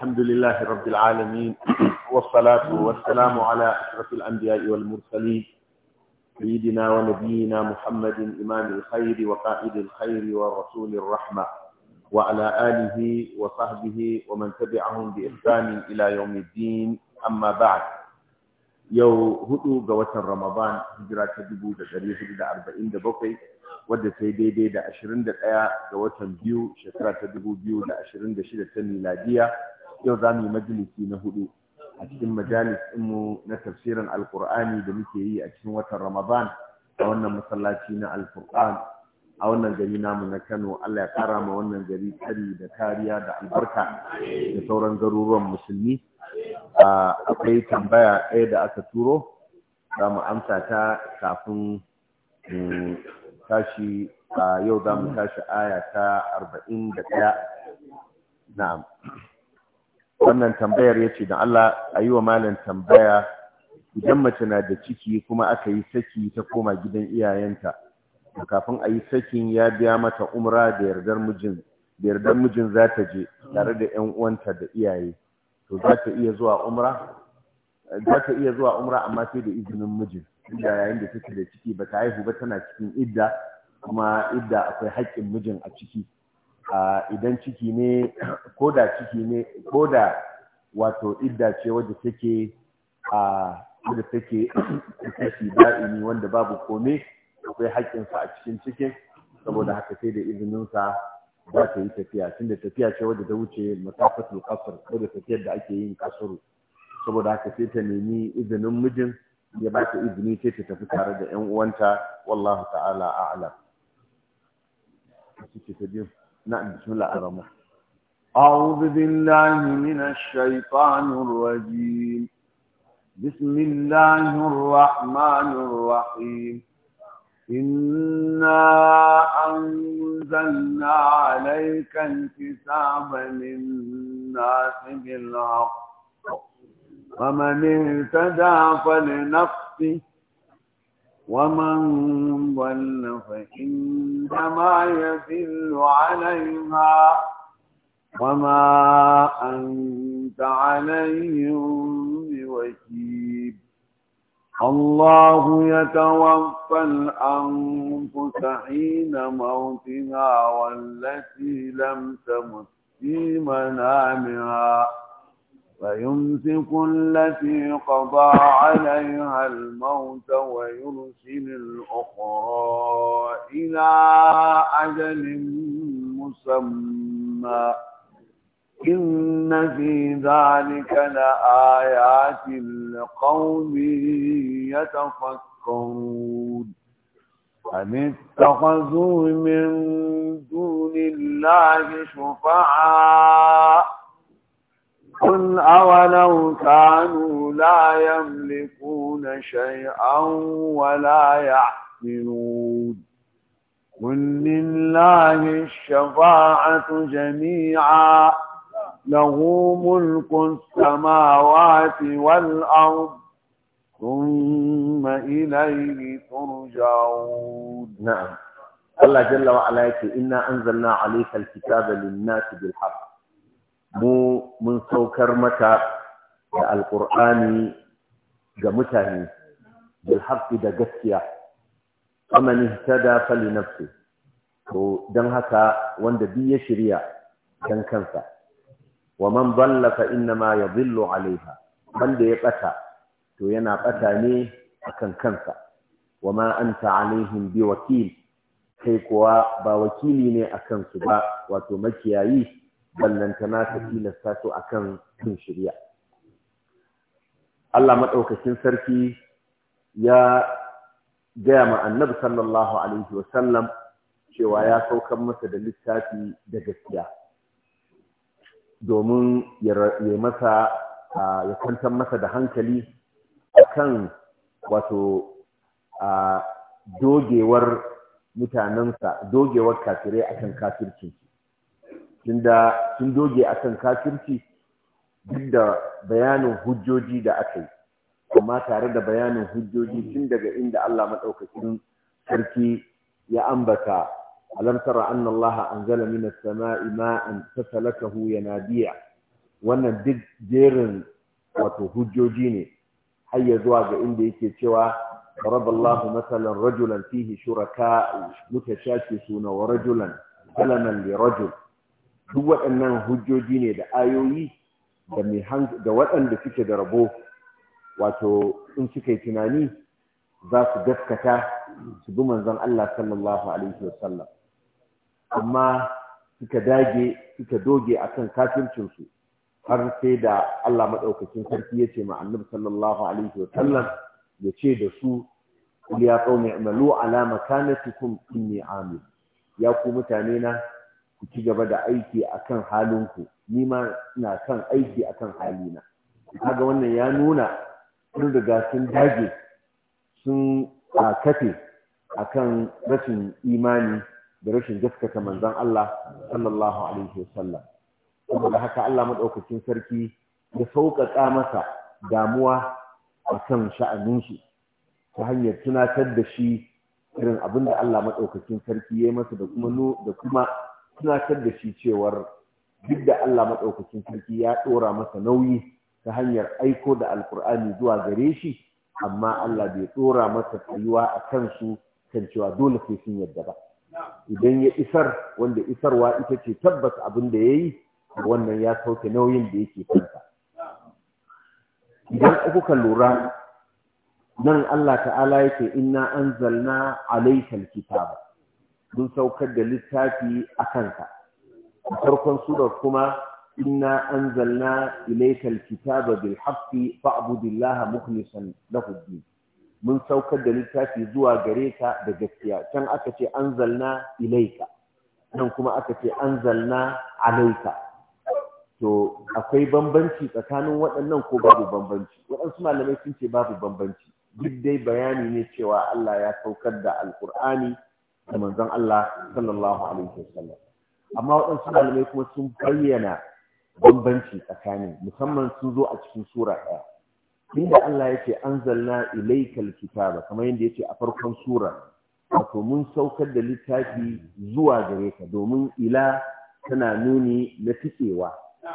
الحمد لله رب العالمين والصلاة والسلام على أشرف الأنبياء والمرسلين سيدنا ونبينا محمد إمام الخير وقائد الخير ورسول الرحمة وعلى آله وصحبه ومن تبعهم بإحسان إلى يوم الدين أما بعد يو هدو قوة رمضان هجرة دبو دشري هجرة أربعين دبوكي wadda ta yi daidai da 21 ga watan biyu shekara ta 2026 ta miladiya yau za mu yi majalisi na hudu a cikin majalis mu na tafsirin alkur'ani da muke yi a cikin watan ramadan a wannan masallaci na alkur'an a wannan gari namu na kano allah ya kara ma wannan gari kari da kariya da albarka da sauran garuruwan musulmi akwai tambaya ɗaya da aka turo za mu amsa ta kafin tashi yau za mu tashi aya ta arba'in da ɗaya na'am wannan tambayar ya ce da Allah a yi wa malam tambaya idan mace na da ciki kuma aka yi saki ta koma gidan iyayenta da kafin a yi sakin ya biya mata umra da yardar mijin da yardar mijin za ta je tare da yan uwanta da iyaye to za ta iya zuwa umra za ta iya zuwa umra amma sai da izinin mijin inda yayin da take da ciki ba ta haihu ba tana cikin idda kuma idda akwai haƙƙin mijin a ciki idan ciki ne ko da ciki ne ko da wato idda ce wadda take a wadda take kashi da'ini wanda babu kome akwai haƙƙinsa a cikin cikin saboda haka sai da izininsa za ta yi tafiya tunda tafiya ce wadda ta wuce masafatul kasar wadda tafiyar da ake yin kasuru saboda haka sai ta nemi izinin mijin ya ba ta izini sai ta tafi tare da 'yan uwanta wallahu ta'ala a'lam. Thank you. نعم بسم الله الرحمن أعوذ بالله من الشيطان الرجيم بسم الله الرحمن الرحيم إنا أنزلنا عليك الكتاب للناس بالحق فمن اهتدى فلنفسه ومن ضل فإنما يذل عليها وما أنت عليهم بوكيل الله يتوفى الأنفس حين موتها والتي لم تمت في منامها فيمسك التي قضى عليها الموت ويرسل الأخرى إلى أجل مسمى إن في ذلك لآيات لقوم يتفكرون أم اتخذوا من دون الله شفعاء قل أولو كانوا لا يملكون شيئا ولا يعقلون قل لله الشفاعة جميعا له ملك السماوات والأرض ثم إليه ترجعون نعم الله جل وعلا يقول إنا أنزلنا عليك الكتاب للناس بالحق mu mun saukar mata da alƙur'ani ga mutane bil haƙƙi da gaskiya ta da fali nafsi to dan haka wanda bi ya shirya dan kansa wa man dalla fa inna ma yadhillu alaiha wanda ya bata to yana bata ne akan kansa wa ma anta alaihim bi wakil kai kuwa ba wakili ne a kansu ba wato makiyayi ballantana ta tilasta su akan kan shirya Allah maɗaukakin sarki ya gaya ma annabi sallallahu alaihi wasallam cewa ya saukan masa da littafi da gaskiya domin ya masa ya kwantar masa da hankali akan wato dogewar mutanensa dogewar kafirai akan kafircinsu tunda sun doge kan kafirci duk da bayanin hujjoji da aka yi amma tare da bayanin hujjoji tun daga inda Allah madaukakin sarki ya ambata alam tara anna Allah anzala minas sama'i ma'an fasalakahu yanabiya wannan duk jerin wato hujjoji ne har ya zuwa ga inda yake cewa ضرب الله مثلا رجلا فيه شركاء متشاكسون ورجلا سلما لرجل duk waɗannan hujjoji ne da ayoyi da da waɗanda suke da rabo wato in suka yi tunani za su gaskata su bi manzon Allah sallallahu alaihi sallam amma suka dage suka doge akan kafircinsu har sai da Allah maɗaukacin sarki ya ce ma annabi sallallahu alaihi sallam ya ce da su ya qaumi amalu ala makanatikum inni amil ya ku mutane na ku ci gaba da aiki akan halinku ni ma na kan aiki akan halina kaga wannan ya nuna sun riga sun dage sun a kafe akan rashin imani da rashin gaskata manzon Allah sallallahu alaihi wasallam saboda haka Allah madaukakin sarki ya sauƙaƙa masa damuwa akan sha'anin shi ta hanyar tunatar da shi irin abin da Allah maɗaukakin sarki ya yi masa da kuma da kuma tunatar da shi cewar duk da Allah maɗaukakin sarki ya ɗora masa nauyi ta hanyar aiko da alkur'ani zuwa gare shi amma Allah bai ɗora masa tsayuwa a kansu kan cewa dole sai sun yadda ba idan ya isar wanda isarwa ita ce tabbas abin da ya yi wannan ya sauke nauyin da yake kansa idan kuka lura nan Allah ta'ala yake inna anzalna alaykal kitaba mun saukar da littafi a kanka a farkon surar kuma inna anzalna ilaikal kitaba bil haqqi fa'budillaha mukhlishan lahu din mun saukar da littafi zuwa gare ka da gaskiya can aka ce anzalna ilaika nan kuma aka ce anzalna alaika to akwai bambanci tsakanin waɗannan ko babu bambanci waɗansu malamai sun ce babu bambanci duk dai bayani ne cewa Allah ya saukar da alkur'ani da manzon Allah sallallahu alaihi wasallam amma waɗansu malamai kuma sun bayyana bambanci tsakanin musamman sun zo a cikin sura ɗaya inda Allah yake anzalna ilaykal kitaba kamar yadda yake a farkon sura wato mun saukar da littafi zuwa gare ka domin ila tana nuni na fitsewa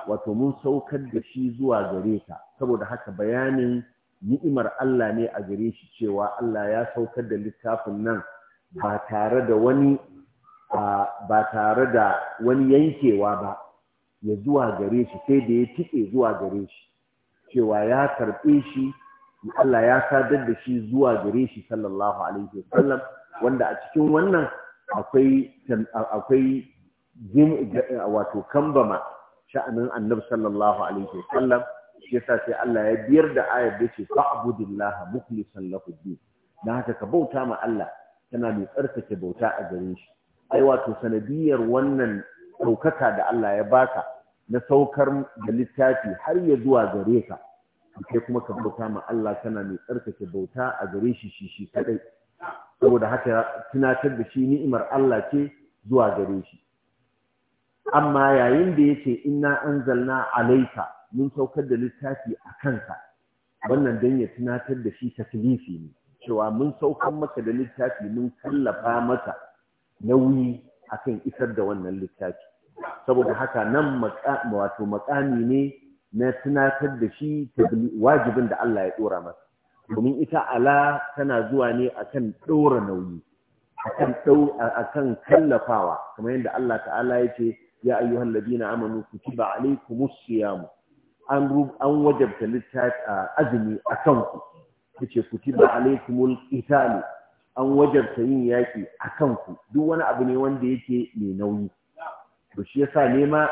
wato mun saukar da shi zuwa gare ka saboda haka bayanin ni'imar Allah ne a gare shi cewa Allah ya saukar da littafin nan ba tare da wani ba tare da wani yankewa ba ya zuwa gare shi sai da ya tike zuwa gare shi cewa ya karɓe shi Allah ya sadar da shi zuwa gare shi sallallahu alaihi wasallam wanda a cikin wannan akwai akwai wato kambama sha'anin annabi sallallahu alaihi wasallam shi yasa sai Allah ya biyar da ayar da ce fa'budillaha mukhlishan lahu din dan haka ka bauta ma Allah tana mai tsarkake bauta a gare shi ai wato sanadiyar wannan ɗaukaka da Allah ya baka na saukar da littafi har ya zuwa gare ka kai kuma ka bauta ma Allah kana mai tsarkake bauta a gare shi shi shi kadai saboda haka tunatar da shi ni'imar Allah ce zuwa gare shi amma yayin da yace inna anzalna alayka mun saukar da littafi a kanka wannan dan ya tunatar da shi taklifi ne cewa mun saukan maka da littafi mun tallafa maka nauyi akan isar da wannan littafi saboda haka nan wato makami ne na tunatar da shi wajibin da Allah ya dora masa domin ita ala tana zuwa ne akan dora nauyi akan kallafawa kamar yadda Allah ta'ala yake ya ayyuhal ladina amanu kutiba alaykumus siyam an an wajabta littafi azumi a kanku. ku kutiba alaikumul qital an wajarta yin yaki akan ku duk wani abu ne wanda yake mai nauyi to shi yasa nema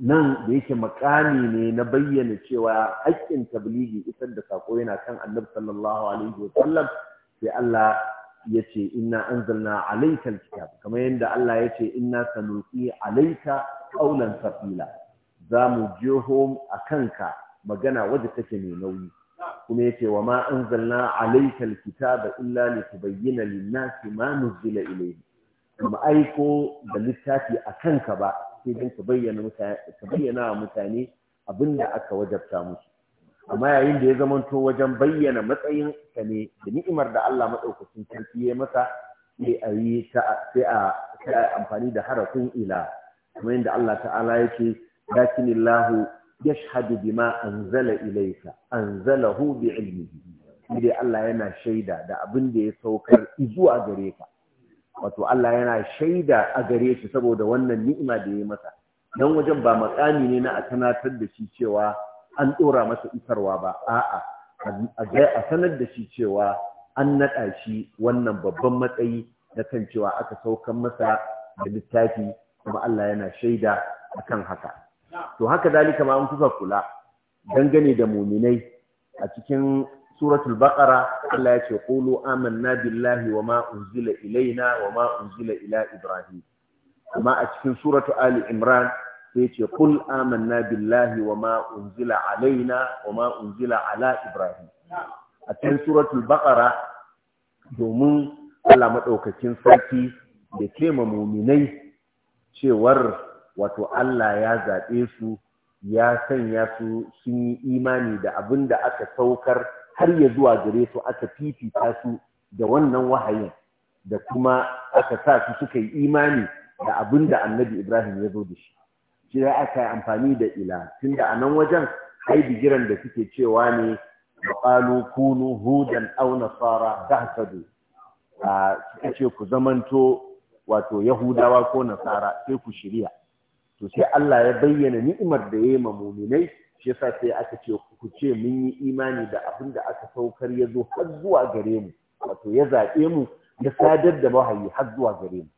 nan da yake makami ne na bayyana cewa haƙƙin tabligi isar da sako yana kan annabi sallallahu alaihi wa sai Allah ya ce inna anzalna alaikal kitab kamar yadda Allah ya ce inna sanulqi alaika qawlan thaqila za mu jeho a kanka magana wadda take mai nauyi kuma yace wa ma anzalna alayka da illa litubayyana lin-nasi ma nuzila ilayhi kuma aiko da littafi a kanka ba sai don ka bayyana mutane wa mutane abinda aka wajabta musu amma yayin da ya zamanto wajen bayyana matsayin ka ne da ni'imar da Allah madaukakin sarki ya masa sai a yi sai sai a amfani da harafin ila kuma yadda Allah ta'ala yake lakinillahu yashhadu bima anzala ilayka anzalahu bi ilmihi dai Allah yana shaida da abin da ya saukar zuwa gareka, wato Allah yana shaida a gare shi saboda wannan ni'ima da ya yi masa dan wajen ba makami ne na a sanatar da shi cewa an dora masa isarwa ba a'a a sanar da shi cewa an naɗa shi wannan babban matsayi na kan cewa aka saukan masa da littafi kuma Allah yana shaida a kan haka to haka zalika ma an kuka kula dangane da muminai a cikin suratul baqara Allah ya ce qulu amanna billahi wa ma unzila ilaina wa ma unzila ila ibrahim Kuma a cikin suratul ali imran sai ce qul amanna billahi wa ma unzila alaina wa ma unzila ala ibrahim a cikin suratul baqara domin Allah madaukakin sarki da kema muminai cewar wato Allah ya zaɓe su ya sanya su sun yi imani da abin da aka saukar har ya zuwa gare su aka fifita su da wannan wahayin da kuma aka sa su suka yi imani da abin da annabi Ibrahim ya zo da shi. Shi ya aka yi amfani da ila tun da anan wajen ai bigiran da suke cewa ne wa kunu hudan aw nasara tahsadu suka ce ku zamanto wato yahudawa ko nasara sai ku shirya to sai Allah ya bayyana ni'imar da ya yi ma muminai shi yasa sai aka ce ku ce mun yi imani da abin da aka saukar ya zo har zuwa gare mu wato ya zaɓe mu ya sadar da wahayi har zuwa gare mu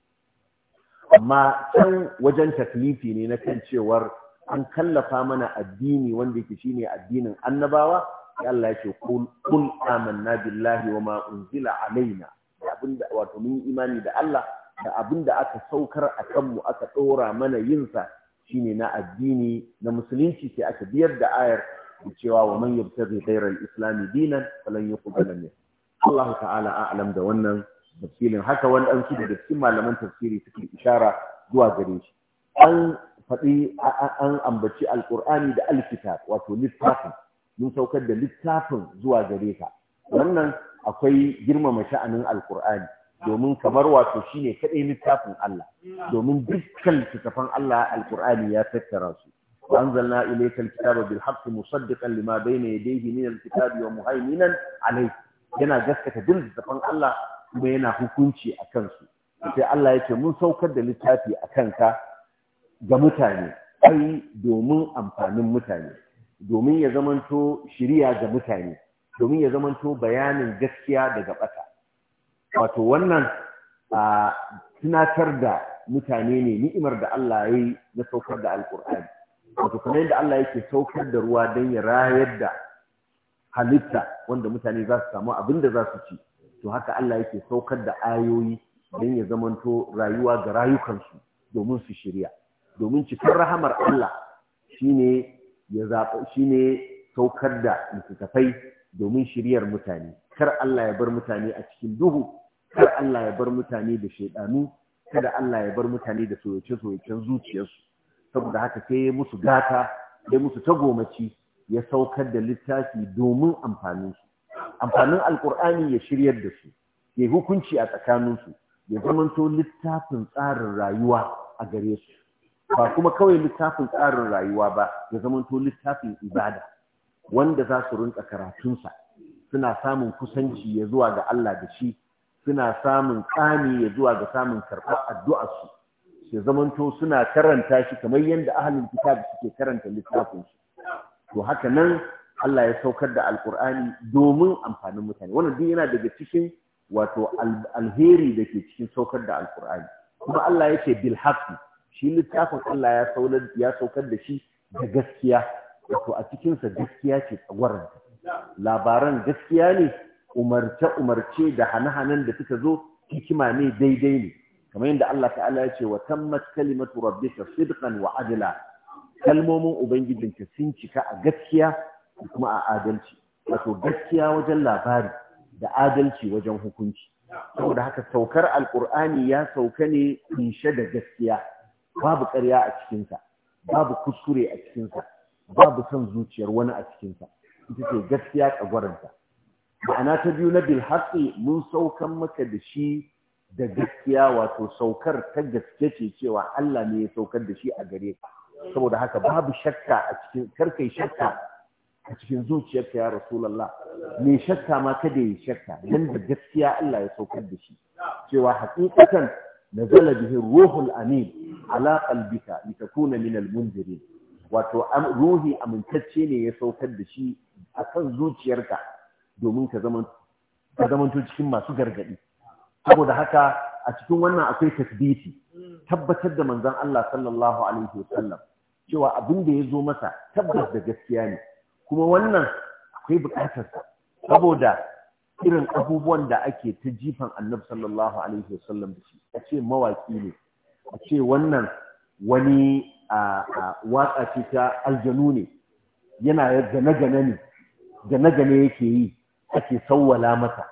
amma can wajen taklifi ne na kan cewar an kallafa mana addini wanda yake shine addinin annabawa sai Allah ya ce kul amanna billahi wa ma unzila alaina abinda wato mun imani da Allah da abin da aka saukar a kanmu aka ɗora mana yinsa shine na addini na musulunci sai aka biyar da ayar da cewa wa man yabtaghi ghayra al-islam dinan falan yuqbala min Allah ta'ala a'lam da wannan tafsirin haka wadansu da cikin malaman tafsiri suke ishara zuwa gare shi an faɗi an ambaci alqur'ani da alkitab wato littafin mun saukar da littafin zuwa gare ka wannan akwai girmama sha'anin alqur'ani domin kamar wato shine kaɗai littafin Allah domin dukkan littafan Allah alkur'ani ya tattara su bil إليك musaddiqan lima bayna yadayhi min al من wa ومهيمنا alayhi yana gaskata duk littafan Allah kuma yana hukunci a kansu sai Allah yake mun saukar da littafi a kanka ga mutane ai domin amfanin mutane domin ya zamanto shiriya ga mutane domin ya zamanto bayanin gaskiya daga ƙasa. wato wannan a tunatar da mutane ne ni'imar da Allah ya yi na saukar da alkur'ani wato kuma yadda Allah yake saukar da ruwa don ya rayar da halitta wanda mutane za su samu abin da za su ci to haka Allah yake saukar da ayoyi don ya zamanto rayuwa ga rayukansu domin su shirya domin cikar rahamar Allah shine ya zaɓa shine saukar da littattafai domin shiryar mutane kar Allah ya bar mutane a cikin duhu kar Allah ya bar mutane da shaidanu kada Allah ya bar mutane da soyace-soyacen zuciyarsu saboda haka sai ya musu gata ya musu tagomaci ya saukar da littafi domin amfanin su amfanin alkur'ani ya shiryar da su ya hukunci a tsakanin su ya zamanto littafin tsarin rayuwa a gare su ba kuma kawai littafin tsarin rayuwa ba ya zamanto littafin ibada wanda za su rinka karatunsa suna samun kusanci ya zuwa ga Allah da shi suna samun tsami ya zuwa ga samun karɓar addu'arsu su zamanto suna karanta shi kamar yadda ahalin kitabu suke karanta littafinsu to haka nan Allah ya saukar da alkur'ani domin amfanin mutane wannan duk yana daga cikin wato alheri da ke cikin saukar da alkur'ani kuma Allah ya ce bil shi littafin Allah ya saukar da shi da gaskiya wato a cikinsa gaskiya ce tsagwaranta labaran gaskiya ne umarce-umarce da hane-hanen da suka zo hikima ne daidai ne kamar yadda Allah ta'ala ya ce wa tammat kalimatu rabbika sidqan wa adla kalmomin ubangijinka sun cika a gaskiya da kuma a adalci wato gaskiya wajen labari da adalci wajen hukunci saboda haka saukar alqur'ani ya sauka ne kunshe da gaskiya babu ƙarya a cikinsa babu kuskure a cikinsa babu son zuciyar wani a cikinsa ita ce gaskiya tsagwaranta ma'ana ta biyu na bilhatsi mun saukan maka da shi da gaskiya wato saukar ta gaske ce cewa Allah ne ya saukar da shi a gare ka saboda haka babu shakka a cikin karkai shakka a cikin zuciyarka ya rasulullah me shakka ma kada yi shakka dan da gaskiya Allah ya saukar da shi cewa hakikatan nazala bihi ruhul amin ala qalbika litakuna min almunzirin wato ruhi amintacce ne ya saukar da shi akan zuciyarka domin ka zamanto cikin masu gargadi. saboda haka a cikin wannan akwai tasbiti tabbatar da manzon Allah sallallahu alaihi wasallam cewa abin da ya zo masa tabbas da gaskiya ne kuma wannan akwai bukatar saboda irin abubuwan da ake ta jifan annabi sallallahu alaihi wasallam da shi a ce mawaki ne a ce wannan wani watsa ce ta aljanu ne yana da gane-gane yake yi ake sawwala masa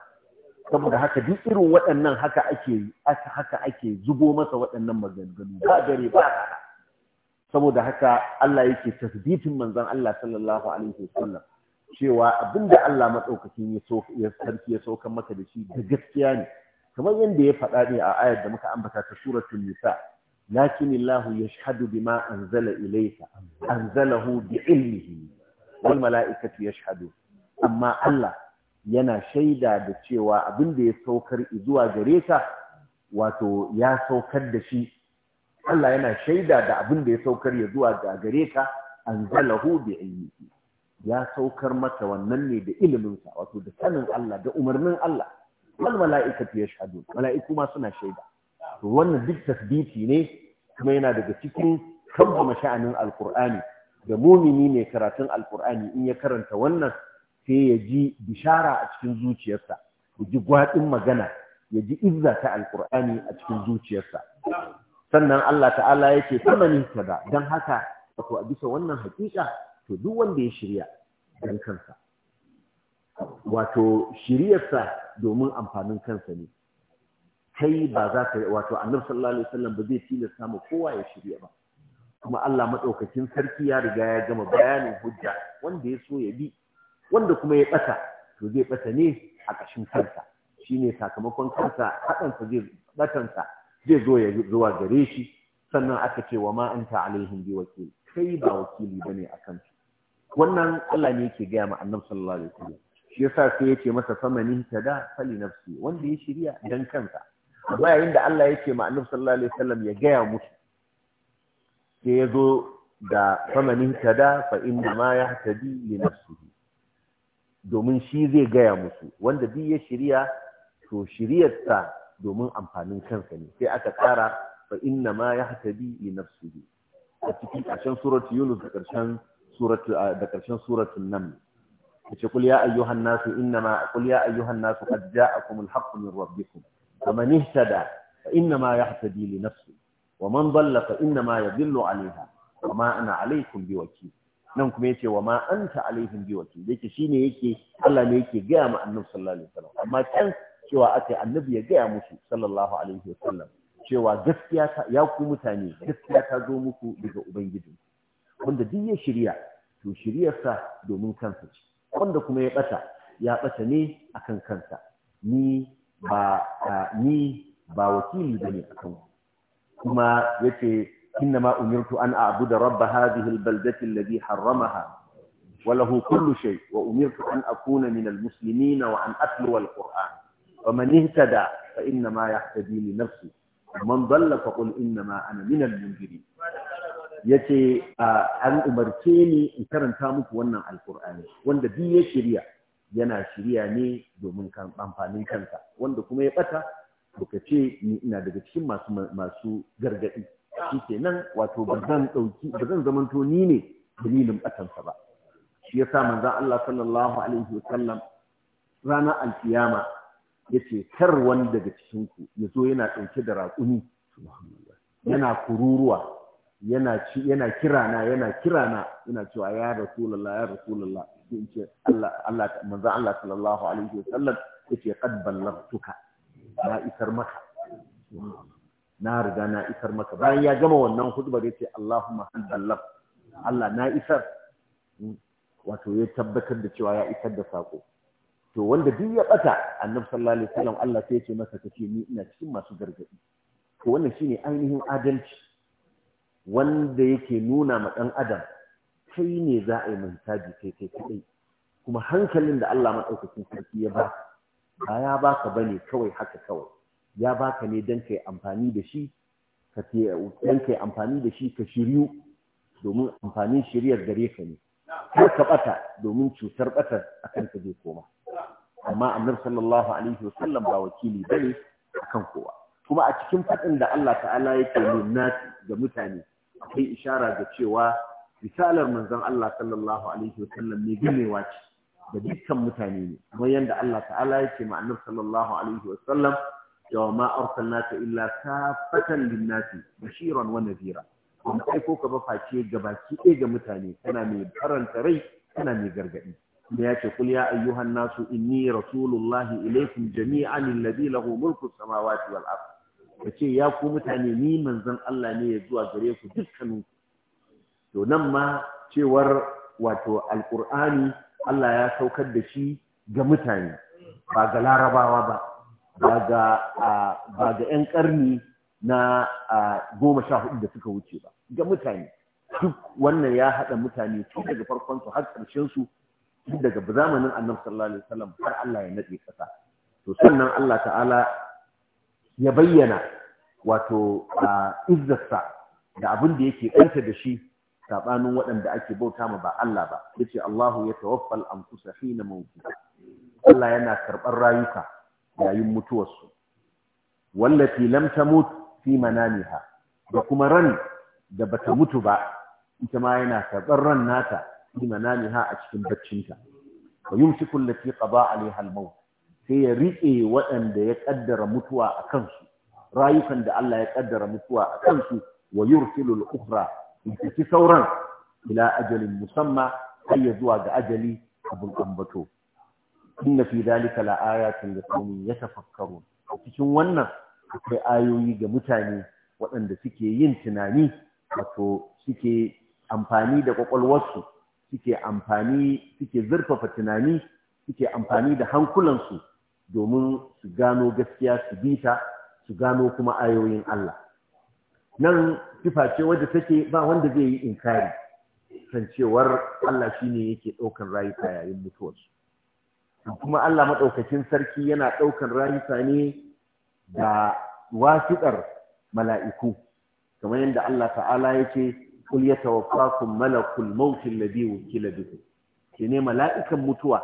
saboda haka duk irin waɗannan haka ake haka ake zubo masa waɗannan maganganu ba dare ba saboda haka Allah yake tasbitin manzon Allah sallallahu alaihi wasallam cewa abinda Allah madaukakin ya so ya sarki ya maka da shi da gaskiya ne kamar yadda ya faɗa ne a ayar da muka ambata ta suratul nisa lakin Allah yashhadu bima anzala ilayka anzalahu bi ilmihi wal mala'ikatu yashhadu amma Allah yana shaida da cewa abin da ya saukar zuwa gare ka wato ya saukar da shi Allah yana shaida da abin da ya saukar ya zuwa ga gare ka anzalahu bi ilmihi ya saukar mata wannan ne da ilimin sa wato da sanin Allah da umarnin Allah wal mala'ikatu yashhadun mala'iku ma suna shaida to wannan duk tasbiti ne kuma yana daga cikin kamba sha'anin alqur'ani da mumini ne karatun alqur'ani in ya karanta wannan sai ya ji bishara a cikin zuciyarsa ya ji gwaɗin magana ya ji izza ta Alƙur'ani a cikin zuciyarsa sannan Allah ta'ala yake ta da don haka wato a bisa wannan hakika to duk wanda ya shirya don kansa wato shiryarsa domin amfanin kansa ne kai ba za ka wato annabi sallallahu alaihi ba zai tilasta mu kowa ya shirya ba kuma Allah maɗaukacin sarki ya riga ya gama bayanin hujja wanda ya so ya bi wanda kuma ya ɓata to zai ɓata ne a ƙashin kansa Shi ne sakamakon kansa haɗansa zai ɓatansa zai zo ya zuwa gare shi sannan aka ce wa ma anta alaihim bi wakil kai ba wakili ne a kansu wannan Allah ne yake gaya ma annabi sallallahu alaihi wasallam shi yasa sai yake masa famanin tada fali nafsi wanda ya shirya dan kansa amma yayin da Allah yake ma annabi sallallahu alaihi wasallam ya gaya musu sai ya zo da famanin tada fa inna ma yahtadi li nafsihi domin shi zai gaya musu wanda duk ya shirya to shiryarsa domin amfanin kansa ne sai aka tsara fa inna ma yahtadi li nafsihi a cikin ƙarshen suratu yunus da ƙarshen suratu nan. ƙarshen suratul naml kace kul ya ayyuhan nasu inna ma kul ya ayyuhan nasu qad ja'akumul haqqu min rabbikum faman ihtada fa inna ma yahtadi li nafsihi wa man dhalla fa inna ma yadhillu 'alayha wa ma ana 'alaykum biwakil nan kuma yace wa ma anta alaihim bi wakil yake shine yake Allah ne yake gaya ma annabi sallallahu alaihi wasallam amma kan cewa akai annabi ya gaya musu sallallahu alaihi wasallam cewa gaskiya ta ya ku mutane gaskiya ta zo muku daga ubangiji wanda duk ya shirya to shiryarsa domin kansa ce wanda kuma ya bata ya bata ne akan kansa ni ba ni ba wakili bane akan kuma yace إنما أمرت أن أعبد رب هذه البلدة الذي حرمها وله كل شيء وأمرت أن أكون من المسلمين وأن أتلو القرآن ومن اهتدى فإنما يهتدي لنفسه ومن ضل فقل إنما أنا من المنذرين yace an umarce ni in karanta muku wannan alkur'ani wanda duk ya shirya yana shirya ne domin kan amfanin kansa wanda kuma ya bata to ce ni ina daga cikin masu masu gargadi shi kenan wato ba zan ɗauki ba zan zamanto ni ne dalilin ɓatansa ba shi ya sa manzan Allah sallallahu alaihi wa sallam ranar alkiyama ya ce kar wani daga cikinku ya zo yana ɗauke da raƙumi yana kururuwa yana yana kirana yana kirana yana cewa ya rasulullah ya rasulullah sai in ce Allah Allah manzan Allah sallallahu alaihi wa sallam ya ce qad ballaghtuka na isar maka na riga na isar maka bayan ya gama wannan hudubar ya ce Allahumma hadallaf Allah na isar hmm. wato ya tabbatar da cewa ya isar da sako to wanda duk ya bata annabi sallallahu alaihi wasallam Allah sai ya ce masa kace ni ina cikin masu gargadi to wannan shine ainihin adalci wanda yake nuna ma dan adam kai ne za a yi mintaji kai kai kadai kuma hankalin da Allah madaukakin sarki ya ba ba ya baka bane kawai haka kawai ya baka ne don kai amfani da shi ka don kai amfani da shi ka shiryu domin amfanin shiryar gare ka ne kar ka bata domin cutar batar akan ka zai koma amma annabi sallallahu alaihi wasallam ba wakili bane akan kowa kuma a cikin fadin da Allah ta'ala yake nuna ga mutane akwai ishara ga cewa misalar manzon Allah sallallahu alaihi wasallam ne gamewa ce da dukkan mutane ne kamar yadda Allah ta'ala yake ma annabi sallallahu alaihi wasallam yawa ma Nasa, illa kafatan linnasi bashiran wa nadhira kuma aiko ka ba face gabaki ɗaya ga mutane kana mai faranta rai kana mai gargadi da ya ce kul ya ayyuhan nasu inni rasulullahi ilaikum jami'an alladhi lahu mulku samawati wal ard kace ya ku mutane ni manzon Allah ne ya zuwa gare ku dukkanin to nan ma cewar wato alqur'ani Allah ya saukar da shi ga mutane ba ga larabawa ba ba ga 'yan ƙarni na goma sha hudu da suka wuce ba ga mutane duk wannan ya haɗa mutane tun daga farkon su har ƙarshen su tun daga zamanin annabi sallallahu alaihi wasallam har Allah ya nade ƙasa to sannan Allah ta'ala ya bayyana wato izzarsa da abin da yake ɗanta da shi sabanin waɗanda ake bauta ma ba Allah ba yace Allahu ya tawaffal anfusa hina Allah yana karɓar rayuka yayin mutuwarsu wallafi lam tamut fi manamiha da kuma ran da bata mutu ba ita ma yana karɓar ran nata fi manamiha a cikin baccinta wa yumsiku allati qada alaiha al-maut sai ya riƙe waɗanda ya ƙaddara mutuwa a kansu rayukan da Allah ya ƙaddara mutuwa a kansu wa yursilu al-ukhra sauran ila ajalin musamma har ya zuwa ga ajali abin ambato inna fi dhalika la ayatin ya tafakkaru. cikin wannan akwai ayoyi ga mutane waɗanda suke yin tunani wato suke amfani da kwakwalwarsu suke amfani suke zurfafa tunani suke amfani da hankulansu domin su gano gaskiya su bita su gano kuma ayoyin Allah nan sifa ce wadda take ba wanda zai yi inkari kan cewar Allah shine yake ɗaukan rayuka yayin mutuwarsu kuma Allah maɗaukacin sarki yana ɗaukar rayuka ne da wasiƙar mala'iku kamar yadda Allah ta'ala ya ce kul ya tawaffakum malakul maut alladhi wukila bihi ne mala'ikan mutuwa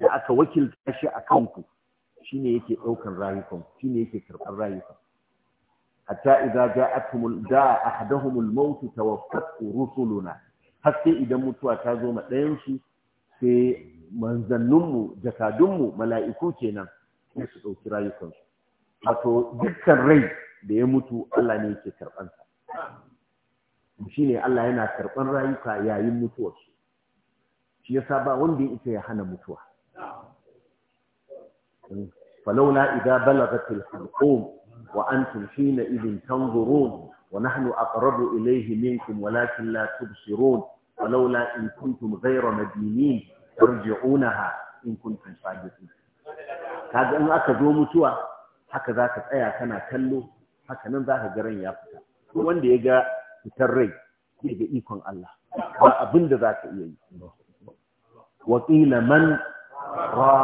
da aka wakilta shi a kanku shine yake ɗaukar rayukan shine yake karɓar rayukan hatta idza ja'atuhum da'a ahaduhumul maut tawaffat rusuluna har sai idan mutuwa ta zo ma ɗayan sai manzanninmu jakadunmu mala'iku kenan sai su ɗauki rayukansu wato dukkan rai da ya mutu Allah ne yake karɓansa shi ne Allah yana karɓan rayuka yayin mutuwarsu shi yasa ba wanda ya ita ya hana mutuwa falaula idza balagat al-hulqum wa antum hina idin tanzurun wa nahnu aqrabu ilayhi minkum walakin la tubsirun falaula in kuntum ghayra madinin tarji'unaha in kuntum sadiqin kaga in aka zo mutuwa haka za ka tsaya kana kallo haka nan za ka ga ran ya fita wanda ya ga fitar rai zai ga ikon Allah ba abin da za ka iya yi wa qila man ra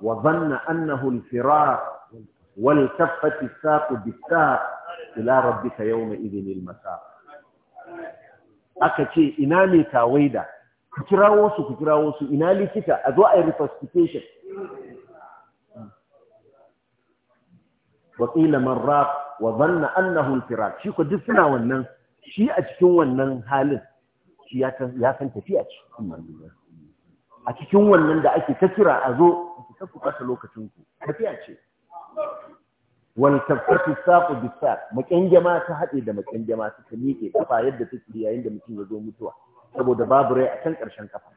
wa dhanna annahu al-firar wal kaffat as-saq ila rabbika yawma idhin al aka ce ina ne tawaida ku kirawo su ku kirawo su ina likita a zo a yi resuscitation wakila qila man wa zanna annahu al-firaq shi ko duk suna wannan shi a cikin wannan halin shi ya san tafiya ce a cikin wannan da ake ta kira a zo ta tafi kasa lokacin ku tafiya ce wal tafatu saqu bisaq makyangema ta haɗe da makyangema ta miƙe kafa yadda take yayin da mutum ya zo mutuwa saboda babu rai a can ƙarshen kafa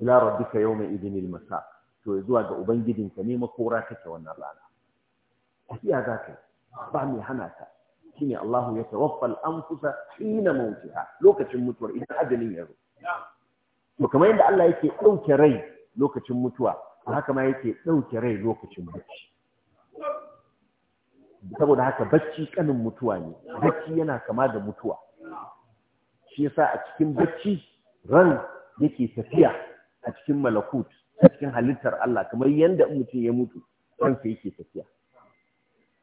ila rabbika yau mai al-masa to zuwa ga ubangijinka ne makora kake wannan rana tafiya za ka ba mai hana ta shine Allah ya tawaffa al-anfusa hina mautiha lokacin mutuwar idan ajalin ya zo to kamar yadda Allah yake ɗauke rai lokacin mutuwa haka ma yake ɗauke rai lokacin bacci saboda haka bacci kanin mutuwa ne bacci yana kama da mutuwa shi yasa a cikin bacci ran yake tafiya a cikin malakut a cikin halittar Allah kamar yanda mutum ya mutu ransa yake tafiya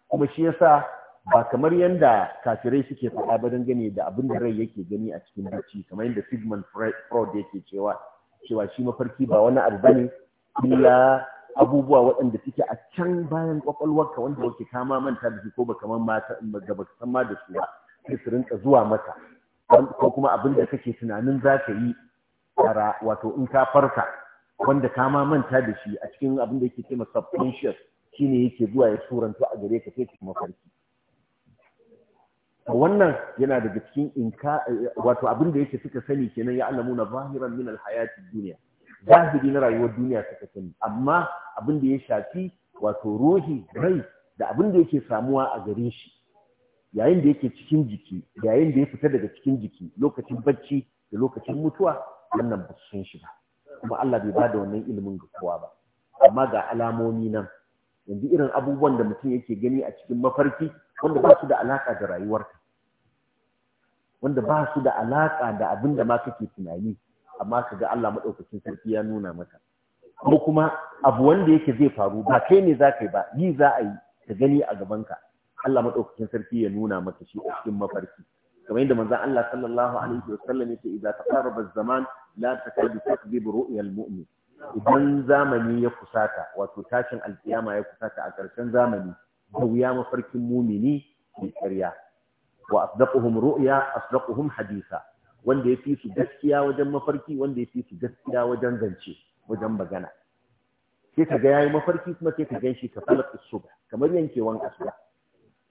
kuma shi yasa ba kamar yanda kafirai suke faɗa ba gani da abin da rai yake gani a cikin bacci kamar yanda Sigmund Freud yake cewa cewa shi mafarki ba wani abu bane illa abubuwa waɗanda suke a can bayan kwakwalwarka wanda wake kama manta da su ko ba kamar mata ba san ma da su ba sai su rinka zuwa mata ko kuma abin da kake tunanin za ka yi yara wato in ka farka wanda ka ma manta da shi a cikin abin da yake cewa subconscious ne yake zuwa ya suranto a gare ka sai ka kuma farki wannan yana daga cikin ka wato abin da yake suka sani kenan ya alamuna zahiran min alhayati duniya zahiri na rayuwar duniya suka sani amma abin da ya shafi wato ruhi rai da abin da yake samuwa a gare shi yayin da yake cikin jiki yayin da ya fita daga cikin jiki lokacin bacci da lokacin mutuwa wannan ba sun shiga kuma Allah bai ba da wannan ilimin ga kowa ba amma ga alamomi nan yanzu irin abubuwan da mutum yake gani a cikin mafarki wanda ba su da alaka da rayuwarka wanda ba su da alaka da abin da ma kake tunani amma ka ga Allah maɗaukacin sarki ya nuna maka ko kuma abu wanda yake zai faru ba kai ne za ka yi ba yi za a yi ka gani a gabanka Allah madaukakin sarki ya nuna maka shi a cikin mafarki kamar yadda manzon Allah sallallahu alaihi sallam yace idza taqarraba az-zaman la takadu takdhib ru'ya al-mu'min idan zamani ya kusata wato tashin alkiyama ya kusata a ƙarshen zamani da wuya mafarkin mumini bi ƙarya wa asdaquhum ru'ya asdaquhum hadisa wanda ya fi su gaskiya wajen mafarki wanda ya fi su gaskiya wajen zance wajen magana sai ka ga yayi mafarki kuma sai ka ganshi ka falak subh kamar yankewan asuba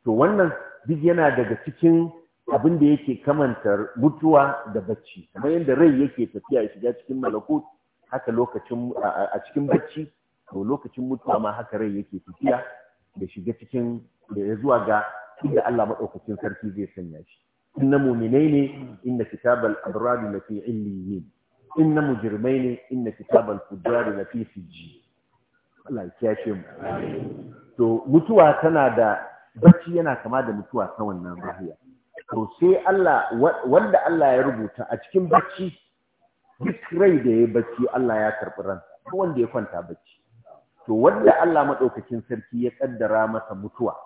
to wannan duk yana daga cikin abin da yake kamanta mutuwa da bacci kamar yadda rai yake tafiya shiga cikin malakut haka lokacin a cikin bacci to lokacin mutuwa ma haka rai yake tafiya da shiga cikin da ya zuwa ga inda Allah maɗaukacin sarki zai sanya shi inna mu'minai ne inna kitabal abrar na fi illiyin inna mujrimai ne inna kitabal fujjar na fi sijji Allah ya kiyashe mu to mutuwa tana da bacci yana kama da mutuwa ta wannan rahiya to sai Allah wanda Allah ya rubuta a cikin bacci duk rai da ya bacci Allah ya karɓi ran wanda ya kwanta bacci to wanda Allah madaukakin sarki ya ƙaddara masa mutuwa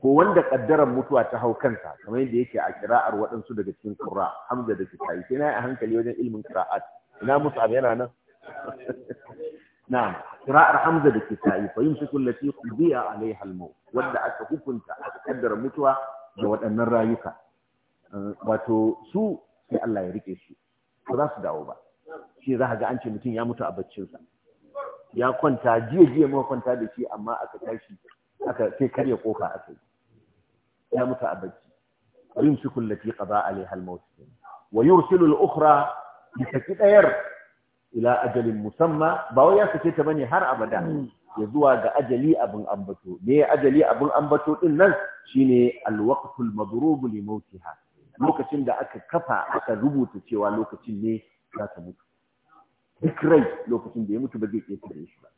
ko wanda kaddaran mutuwa ta hau kansa kamar yadda yake a kira'ar waɗansu daga cikin qurra Hamza da Kitai sai na yi a hankali wajen ilmin qira'at ina abu yana nan na'am qira'ar hamza da ke fa yumsiku allati qudiya alaiha al-maut wanda aka hukunta aka kaddara mutuwa ga waɗannan rayuka wato su sai Allah ya rike su ba za dawo ba shi za ga an ce mutum ya mutu a baccinsa ya kwanta jiya jiya muka kwanta da shi amma aka tashi aka karya kofa aka yi ya mutu a bacci yumsiku ukhra ila ajalin musamma ba wai ya sake ta bane har abada hmm. ya zuwa ga ajali abin ambato me ajali abin ambato din nan shine alwaqtul madrub li mautiha lokacin da aka kafa aka rubuta cewa lokacin ne za ta mutu duk rai lokacin da ya mutu ba zai iya ba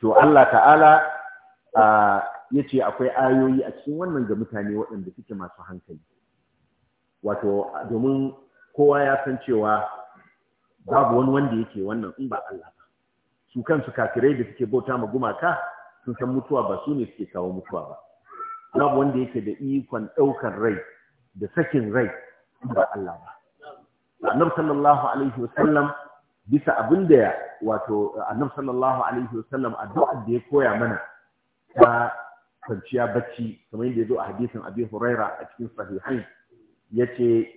to Allah ta'ala ce akwai ayoyi a cikin wannan ga mutane waɗanda suke masu hankali wato domin kowa ya san cewa babu wani wanda yake wannan in ba Allah ba su kansu kafirai da suke bauta ma gumaka sun san mutuwa ba su ne suke kawo mutuwa ba babu wanda yake da ikon ɗaukar rai da sakin rai in ba Allah ba annabi sallallahu alaihi wasallam bisa ya wato annabi sallallahu alaihi wasallam addu'a da ya koya mana ta kwanciya bacci kamar yadda ya zo a hadisin abi huraira a cikin sahihain yace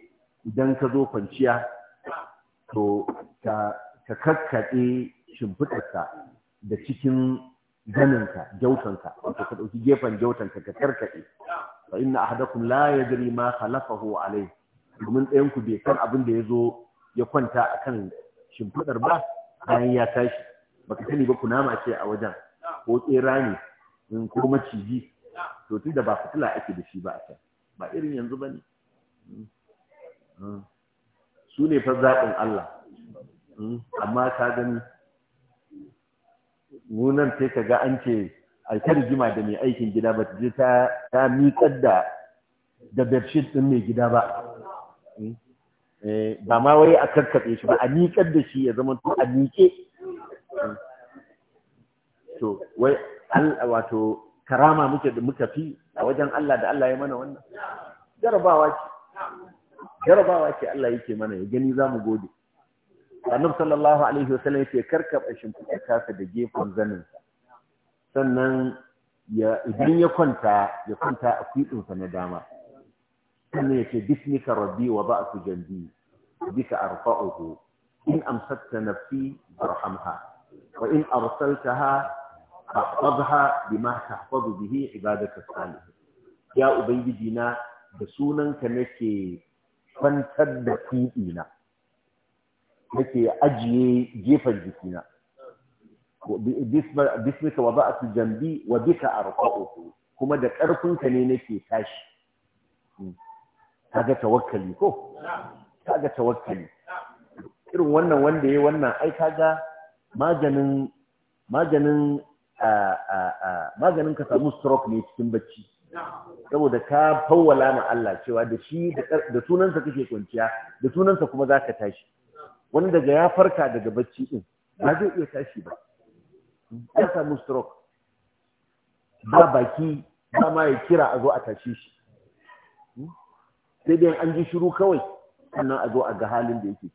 idan ka zo kwanciya to ka kakkaɗe shimfiɗarsa da cikin ganinka jautanka wato ka ɗauki gefen jautanka ka karkaɗe fa inna ahadakum la yadri ma khalafahu alayhi domin ɗayan ku bai san abin da ya zo ya kwanta a kan shimfiɗar ba bayan ya tashi baka sani ba kunama ce a wajen ko tsera ne in ko maciji to tunda ba fitila ake da shi ba a can ba irin yanzu ba ne hmm. Hmm. su ne fa zaɓin Allah hmm? amma ta gani nunan sai ka ga an ce alkar rigima da mai aikin gida ba je ta miƙar da da bedsheet ɗin mai gida ba hmm? eh, ba ma wai a karkaɗe shi ba a miƙar da shi ya zama to a miƙe hmm? to wai wato karama da muka fi a wajen Allah da Allah ya mana wannan jarabawa ce jarabawa ce Allah yake mana ya gani za mu gode annabi sallallahu alaihi sallam yake karkaba shimfiɗa kasa da gefen zanen. sannan ya idan ya kwanta ya kwanta a kwiɗinsa na dama sannan yake ce bismika rabbi wa su jambi bika arfa'uhu in amsatta nafsi barhamha wa in arsaltaha fahfazha bima tahfazu bihi ibadaka salihin ya ubangiji na da sunanka nake kwantar da fiɗina nake ajiye gefen jikina bismika wa ba'atu jambi wa bika arqa'uhu kuma da ka ne nake tashi hmm. kaga tawakkali ko kaga tawakkali irin wannan wanda yayi wannan ai kaga maganin maganin a a maganin ka samu stroke ne cikin bacci saboda ka fawwala ma Allah cewa da shi da sunansa kake kwanciya da sunansa kuma za ka tashi wani daga ya farka daga bacci din ba zai iya tashi ba ya samu stroke ba baki ba ma ya kira a zo a tashe shi sai dai an ji shiru kawai sannan a zo a ga halin da yake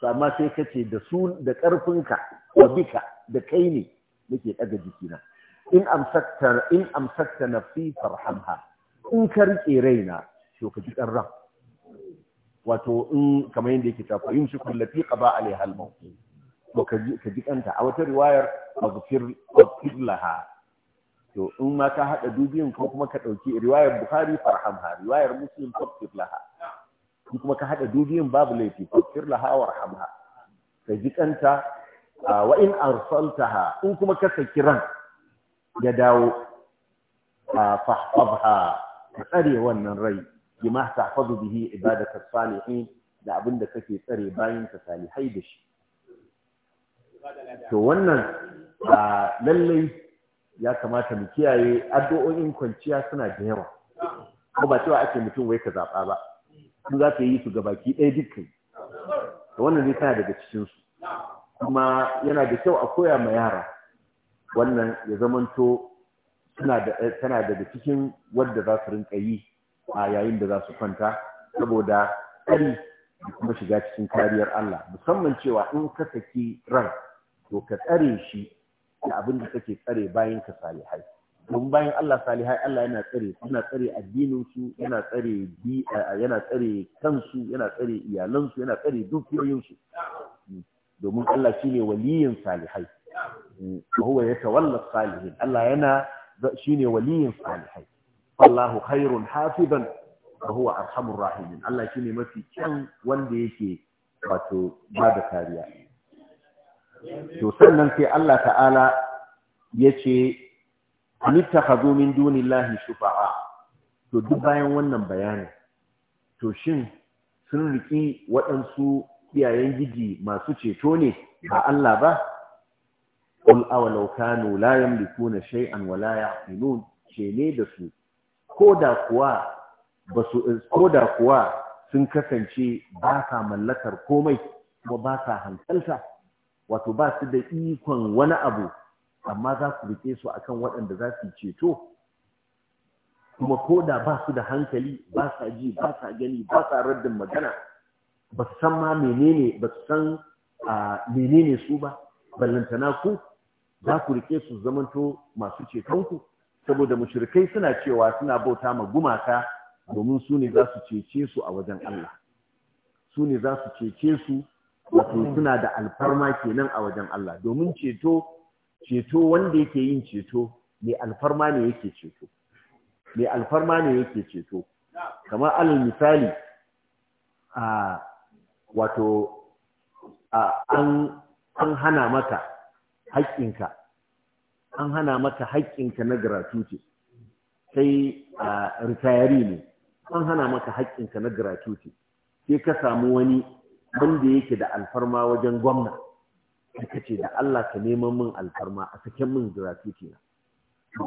to amma sai ka ce da su da ƙarfinka wa bika da kai ne nake ɗaga jikina in amsakta in amsakta nafsi farhamha in ka rike raina to ka ji ran wato in kamar yadda yake tafa yin shi kullati qaba alaiha al-maut to ka ji kanta a wata riwayar maghfir maghfir laha to in ma ka hada dubiyin ko kuma ka dauki riwayar bukhari farhamha riwayar muslim maghfir laha in kuma ka hada dubiyin babu laifi maghfir laha warhamha ka ji kanta wa in arsaltaha in kuma ka saki ran ya dawo a fahfabha ka tsare wannan rai bima tahfazu bihi ibadaka salihin da abin da kake tsare bayan ka salihai da shi to wannan lallai ya kamata mu kiyaye addu'o'in kwanciya suna da yawa ko ba cewa ake mutum wai ka zaɓa ba su za ka yi su ga baki ɗaya dukkan to wannan zai tana daga cikin su kuma yana da kyau a koya ma yara wannan ya zamanto eh, tana daga cikin wadda za su rinka yi a yayin da za su kwanta saboda tsari da kuma shiga cikin kariyar Allah musamman cewa in ka saki ran to ka tsare shi da abin da kake tsare bayan ka salihai don bayan Allah salihai Allah yana tsare yana tsare addinin su yana tsare bi yana tsare kansu yana tsare iyalansu yana tsare dukiyoyin su domin Allah shine waliyin salihai ya tawallaf salihin allah yana shine waliyyin salihai allahu khairun hafian arhamur rahimin allah shine mafi kyan wanda yake wato bada kariya to sannan sai allah ta'ala ya ce littafazomin dunilahi shufa'a to duk bayan wannan bayanin to shin sun riƙe waɗansu iyayen giji masu ceto ne ba allah ba qul awalau kanu la yamlikuna shay'an wa la ya'qilun ke ne da su koda kuwa kuwa sun kasance ba sa mallakar komai kuma ba sa hankalta wato ba su da ikon wani abu amma za ku rike su akan waɗanda za su ceto kuma koda ba su da hankali ba sa ji ba sa gani ba sa raddin magana ba su san ma menene su menene su ba ballantana ku za ku rike su zamanto masu cetonku saboda mushrikai suna cewa suna bauta ma gumaka domin su ne za su cece su a wajen Allah su ne za su cece su wato suna da alfarma kenan a wajen Allah domin ceto ceto wanda yake yin ceto mai alfarma ne yake ceto mai alfarma ne yake ceto kamar alal misali a wato an hana maka haƙƙinka an hana maka haƙƙinka na gratuity sai a ritayari ne an hana maka haƙƙinka na gratuity sai ka samu wani wanda yake da alfarma wajen gwamna sai ka ce da Allah ka neman min alfarma a saken min gratuity na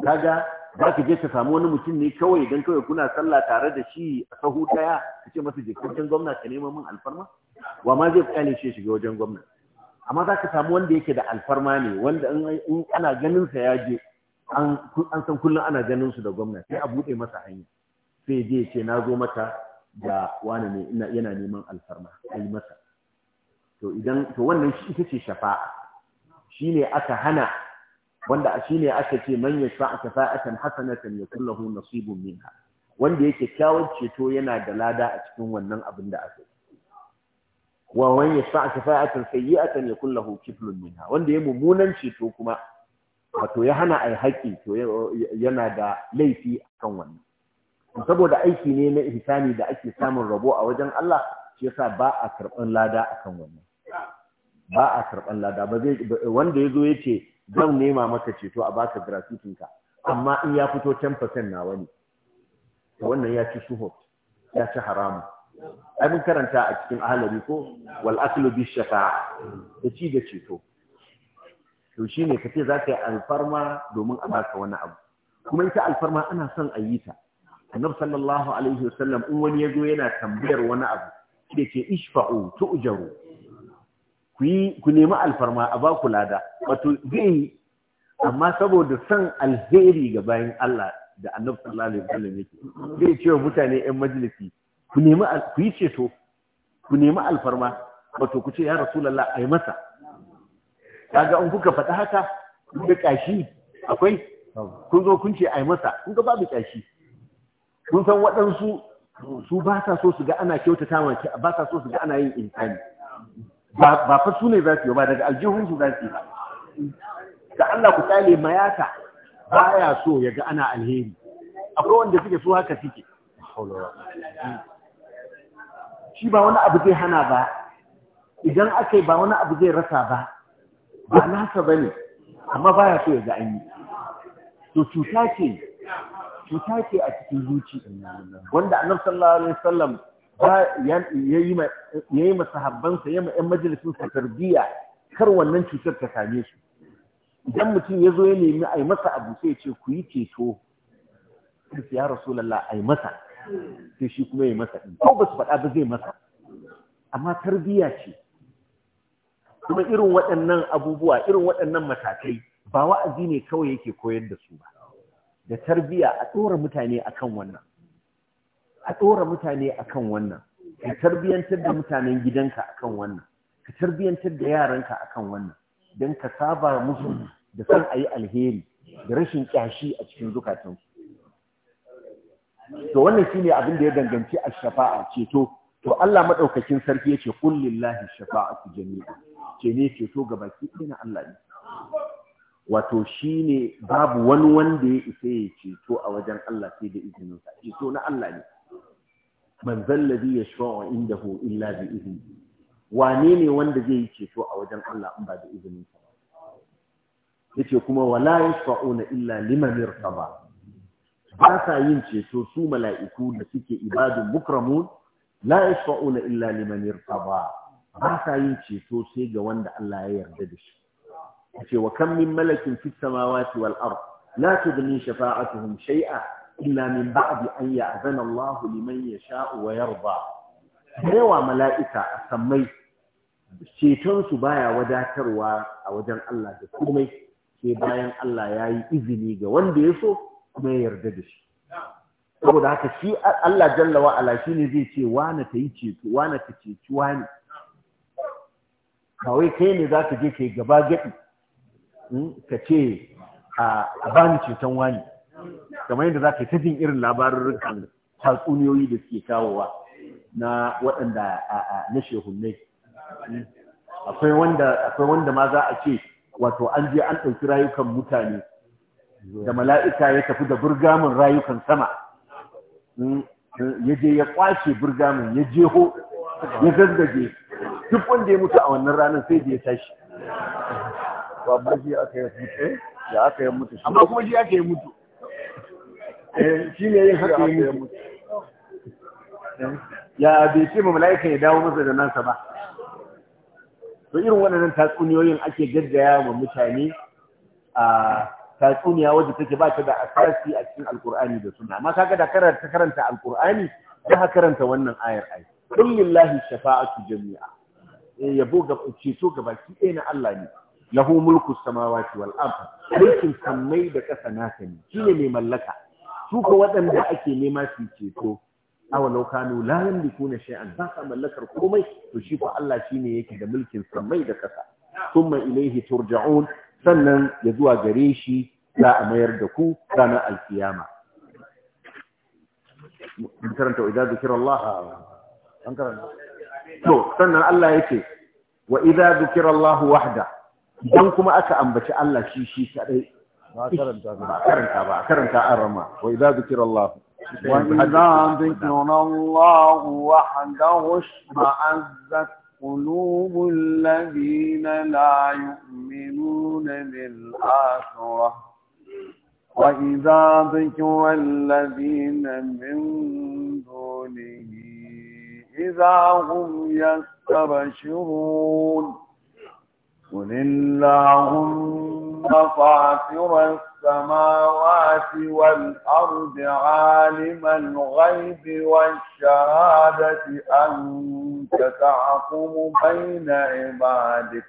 kaga za ka je ka samu wani mutum ne kawai idan kawai kuna sallah tare da shi a sahu daya ka ce masa je gwamna ka neman min alfarma wa ma zai kyale shi shiga wajen gwamna amma za ka samu wanda yake da alfarma ne wanda in ana ganin sa ya je an san kullum ana ganin su da gwamnati sai a buɗe masa hanya sai je ce na zo mata da wani ne yana neman alfarma a masa to idan to wannan ita ce shafa'a shi ne aka hana wanda ne aka ce man aka shafa'atan hasanatan yakul lahu nasibun minha wanda yake kyawun ceto yana da lada a cikin wannan abin da aka yi wa man yashfa shafa'atan sayyi'atan ya lahu kiflun minha wanda ya mummunan ceto kuma wato ya hana ai haƙi to yana da laifi kan wannan saboda aiki ne na ihsani da ake samun rabo a wajen Allah shi yasa ba a karban lada akan wannan ba a karban lada ba zai wanda yazo yace zan nema maka ceto a baka gratuitin ka amma in ya fito 10% na wani. to wannan ya ci suhuf ya ci haramu ai karanta a cikin ahalari ko wal aklu bi shafa'a da ci da ceto to shine kace za ka yi alfarma domin a baka wani abu kuma ita alfarma ana son a yi ta annabi sallallahu alaihi wasallam in wani ya yazo yana tambayar wani abu sai ce ishfa'u tu'jaru ku yi ku nemi alfarma a ku lada wato zai amma saboda son alheri ga bayan Allah da annabi sallallahu alaihi wasallam yake zai ce wa mutane 'yan majalisi ku nemi ku yi ceto ku nemi alfarma wato ku ce ya rasulullah ai masa kaga in kuka faɗi haka kun ga kashi akwai kun zo kun ce ai masa kun ga babu kashi kun san waɗansu su ba sa so su ga ana ta mace ba sa so su ga ana yin insani ba fa su ne za su yi ba daga aljihun su za su yi ba da Allah ku tsale mayaka baya so ya ga ana alheri akwai wanda suke so haka suke shi ba wani abu zai hana ba idan aka yi ba wani abu zai rasa ba ba nasa ba ne amma ba ya so ya ga anyi to cuta ce cuta ce a cikin zuci wanda a sallallahu alaihi wasallam ya yi masahabbansa ya yi ma'yan majalisinsa tarbiyya kar wannan cutar ta same su idan mutum ya zo ya nemi a yi masa abu sai ce ku yi ceto ya rasu lalla a yi masa sai shi kuma ya masa ɗin ko ba su faɗa ba zai masa amma tarbiyya ce kuma irin waɗannan abubuwa irin waɗannan matakai ba wa'azi ne kawai yake koyar da su ba da tarbiyya a ɗora mutane kan wannan a ɗora mutane kan wannan ka tarbiyyantar da mutanen gidanka a kan wannan ka tarbiyyantar da yaranka a kan wannan don ka saba musu da san a yi alheri da rashin ƙyashi a cikin zukatansu to wannan shine abin da ya danganci ash-shafa'a ceto to Allah madaukakin sarki yace qul lillahi ash-shafa'atu jami'a ce ne ceto ga baki ɗaya Allah ne wato shine babu wani wanda ya isa ya ceto a wajen Allah sai da izinin sa ceto na Allah ne man zalladhi yashfa'u indahu illa bi iznihi wane ne wanda zai yi ceto a wajen Allah in ba da izinin sa yace kuma wala yashfa'una illa liman irtaba ba sa yin ceto su mala'iku da suke ibadun mukramun la yashfa'una illa liman irtaba ba sa yin ceto sai ga wanda Allah ya yarda da shi yace wa kam min malakin fis samawati wal ard la tudni shafa'atuhum shay'a illa min ba'di an ya'zana Allah liman yasha'u wa yarda yawa mala'ika a sammai ceton su baya wadatarwa a wajen Allah da komai sai bayan Allah ya yi izini ga wanda ya so kuma ya yarda da shi saboda haka shi Allah Jallawa wa ala ne zai ce wane ta yi ceto wane ta ceci wane. kawai kai ne za ka je ka yi gaba gadi hmm, ka ce a bani ceton wani kamar yadda za ka yi ta jin irin labarurrukan tatsuniyoyi da suke kawowa na waɗanda na shehunnai hmm, akwai wanda ma za a ce wato an je an ɗauki rayukan mutane da mala'ika ya tafi da burgamin rayukan sama hmm? ya je ya kwashe burgamin ya jeho ya zazzage duk wanda ya mutu a wannan ranar sai da ya tashi ba shi aka yi mutu eh? ya aka yi mutu amma kuma shi aka yi mutu eh, shi ne yin haka yi mutu ya bai ce ma mala'ika ya dawo masa da nasa ba to irin waɗannan tatsuniyoyin ake gaggaya wa mutane a tatsuniya wadda take ba ta da asasi a cikin alkur'ani da sunna amma kaga da karanta karanta alkur'ani da ha karanta wannan ayar ai kun shafa'atu jami'a eh, yabo ga ceto ga baki na Allah ne lahu mulku samawati wal ard mulkin sammai da ƙasa nasa ne shine mai mallaka su ko waɗanda ake nema su ceto awa law kanu la yamlikuna shay'an ba sa mallakar komai to shi ko Allah shine yake da mulkin sammai da ƙasa thumma ilayhi turja'un sannan ya zuwa gare shi za a mayar da ku ranar alfiyama. karanta idan zikira Allah to sannan Allah wa Allah wahda kuma aka ambaci Allah shi shi kadai ba karanta ba karanta wa Allah wa Allah قلوب الذين لا يؤمنون بالآخرة وإذا ذكر الذين من دونه إذا هم يستبشرون قل اللهم فاطر السماوات والأرض عالم الغيب والشهادة أنت تحكم بين عبادك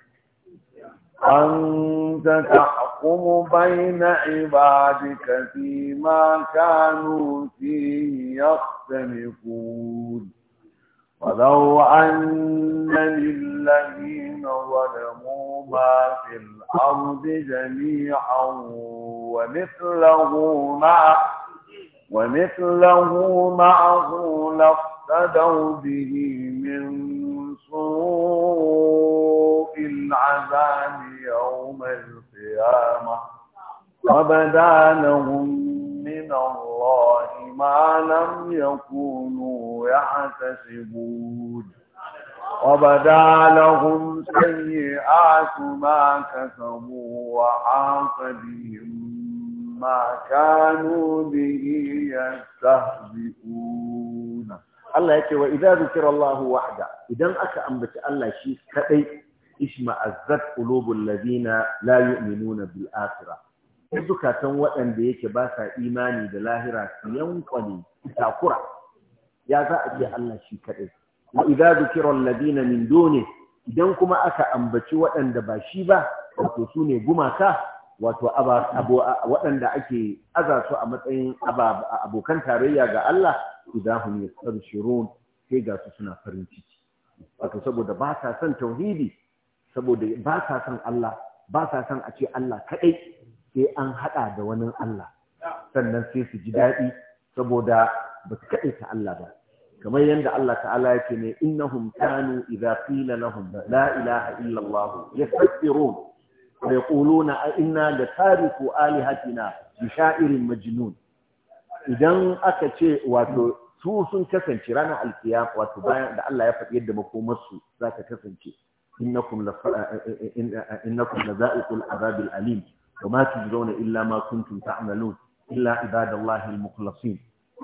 أنت تحكم بين عبادك فيما كانوا فيه يختلفون ولو أن للذين ظلموا ما في الأرض جميعا ومثله معه ومثله معه لافتدوا به من سوء العذاب يوم القيامة وبدا لهم من الله ما لم يكونوا يحتسبون وبدا لهم سيئات ما كسبوا وحاق بهم ما كانوا به يستهزئون الله يكي وإذا ذكر الله وحده إذا أكا أنبت الله شيء كأي اشمأزت قلوب الذين لا يؤمنون بالآخرة sai zukatan waɗanda yake ba sa imani da lahira su yankwane takura ya za a ce Allah shi kaɗai wa idza dhukira alladhina min duni idan kuma aka ambaci waɗanda ba shi ba wato su ne gumaka wato waɗanda ake aza su a matsayin abokan tarayya ga Allah idahum yastabshirun sai ga su suna farin ciki wato saboda ba sa son tauhidi saboda ba sa son Allah ba sa son a ce Allah kaɗai sai an haɗa da wani Allah sannan sai su ji daɗi saboda ba su kaɗe ta Allah ba kamar yadda Allah ta'ala yake ne innahum kanu idza qila lahum la ilaha illa Allah yastakbirun wa yaquluna a inna la tariku alihatina bi sha'irin majnun idan aka ce wato su sun kasance ranar alkiyama wato bayan da Allah ya faɗi yadda makomarsu za ta kasance innakum la eh, eh, eh, innakum la za'iqul azabil alim wa ma tujzauna illa ma kuntum ta'malun illa ibadallahi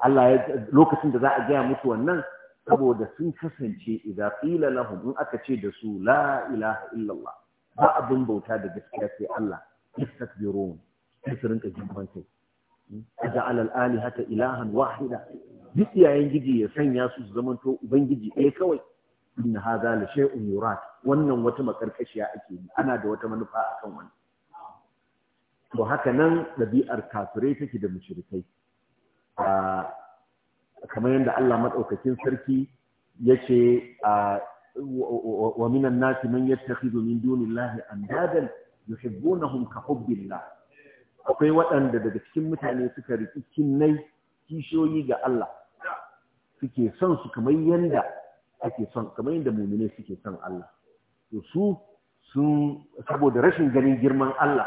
al lokacin da za a gaya musu wannan saboda sun kasance idza qila lahum in aka ce da su la ilaha illallah ba abin bauta da gaskiya sai Allah istakbirun sai su rinka jimman sai aja'al al-alihata ilahan wahida duk yayin giji ya sanya su su zamanto ubangiji ɗaya kawai inna hadha la shay'un wannan wata makarƙashiya ake yi ana da wata manufa akan wannan to haka nan ɗabi'ar kafirai take da mushrikai kamar yadda Allah madaukakin sarki yace wa minan nasi man yattakhidhu min dunillahi andadan yuhibbunahum ka hubbillah akwai waɗanda daga cikin mutane suka riki kinnai kishiyoyi ga Allah suke son su kamar yanda ake son kamar yanda mu'mine suke son Allah to su sun saboda rashin ganin girman Allah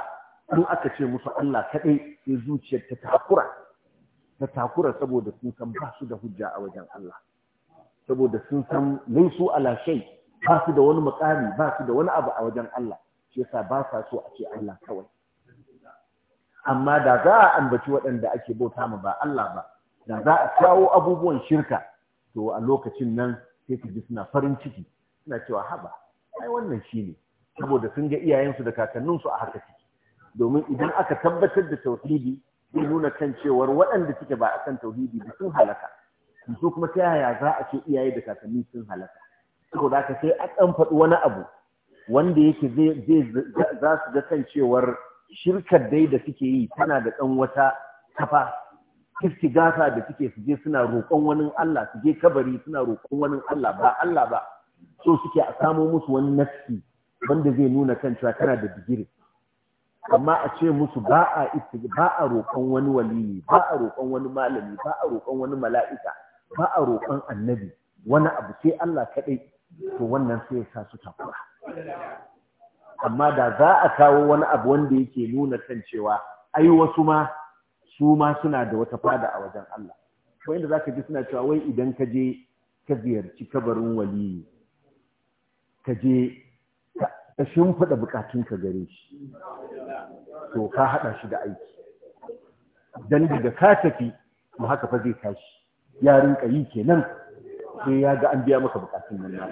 in aka ce musu Allah kaɗai sai zuciyar ta takura ta takura saboda sun san ba su da hujja a wajen Allah saboda sun san laisu ala shay ba su da wani mukami ba su da wani abu a wajen Allah shi yasa ba sa so a ce Allah kawai amma da za a ambaci waɗanda ake bauta ma ba Allah ba da za a kawo abubuwan shirka to a lokacin nan sai ka ji suna farin ciki suna cewa haba ai wannan shine saboda sun ga iyayensu da kakanninsu a haka ciki domin idan aka tabbatar da tauhidi zai nuna kan cewar waɗanda suke ba a kan tauhidi ba sun halaka su kuma ta yaya za a ce iyaye da kakanni sun halaka saboda haka sai a ɗan faɗi wani abu wanda yake zai za su ga kan cewar shirkar dai da suke yi tana da ɗan wata kafa gasa da suke su je suna roƙon wani Allah su je kabari suna roƙon wani Allah ba Allah ba so suke a samo musu wani nafsi wanda zai nuna kan cewa tana da digiri amma a ce musu ba a ba a roƙon wani waliyi ba a roƙon wani malami ba a roƙon wani mala'ika ba a roƙon annabi wani abu sai Allah kaɗai to wannan sai ya sa su takura amma da za a kawo wani abu wanda yake nuna kan cewa ai wasu ma su ma suna da wata fada a wajen Allah ko inda zaka ji suna cewa wai idan ka je ka ziyarci kabarin waliyi ka je ka shimfiɗa bukatunka gare shi to ka haɗa shi da aiki don daga ka tafi mu haka fa zai tashi ya rinka yi kenan sai ya ga an biya maka bukatun nan na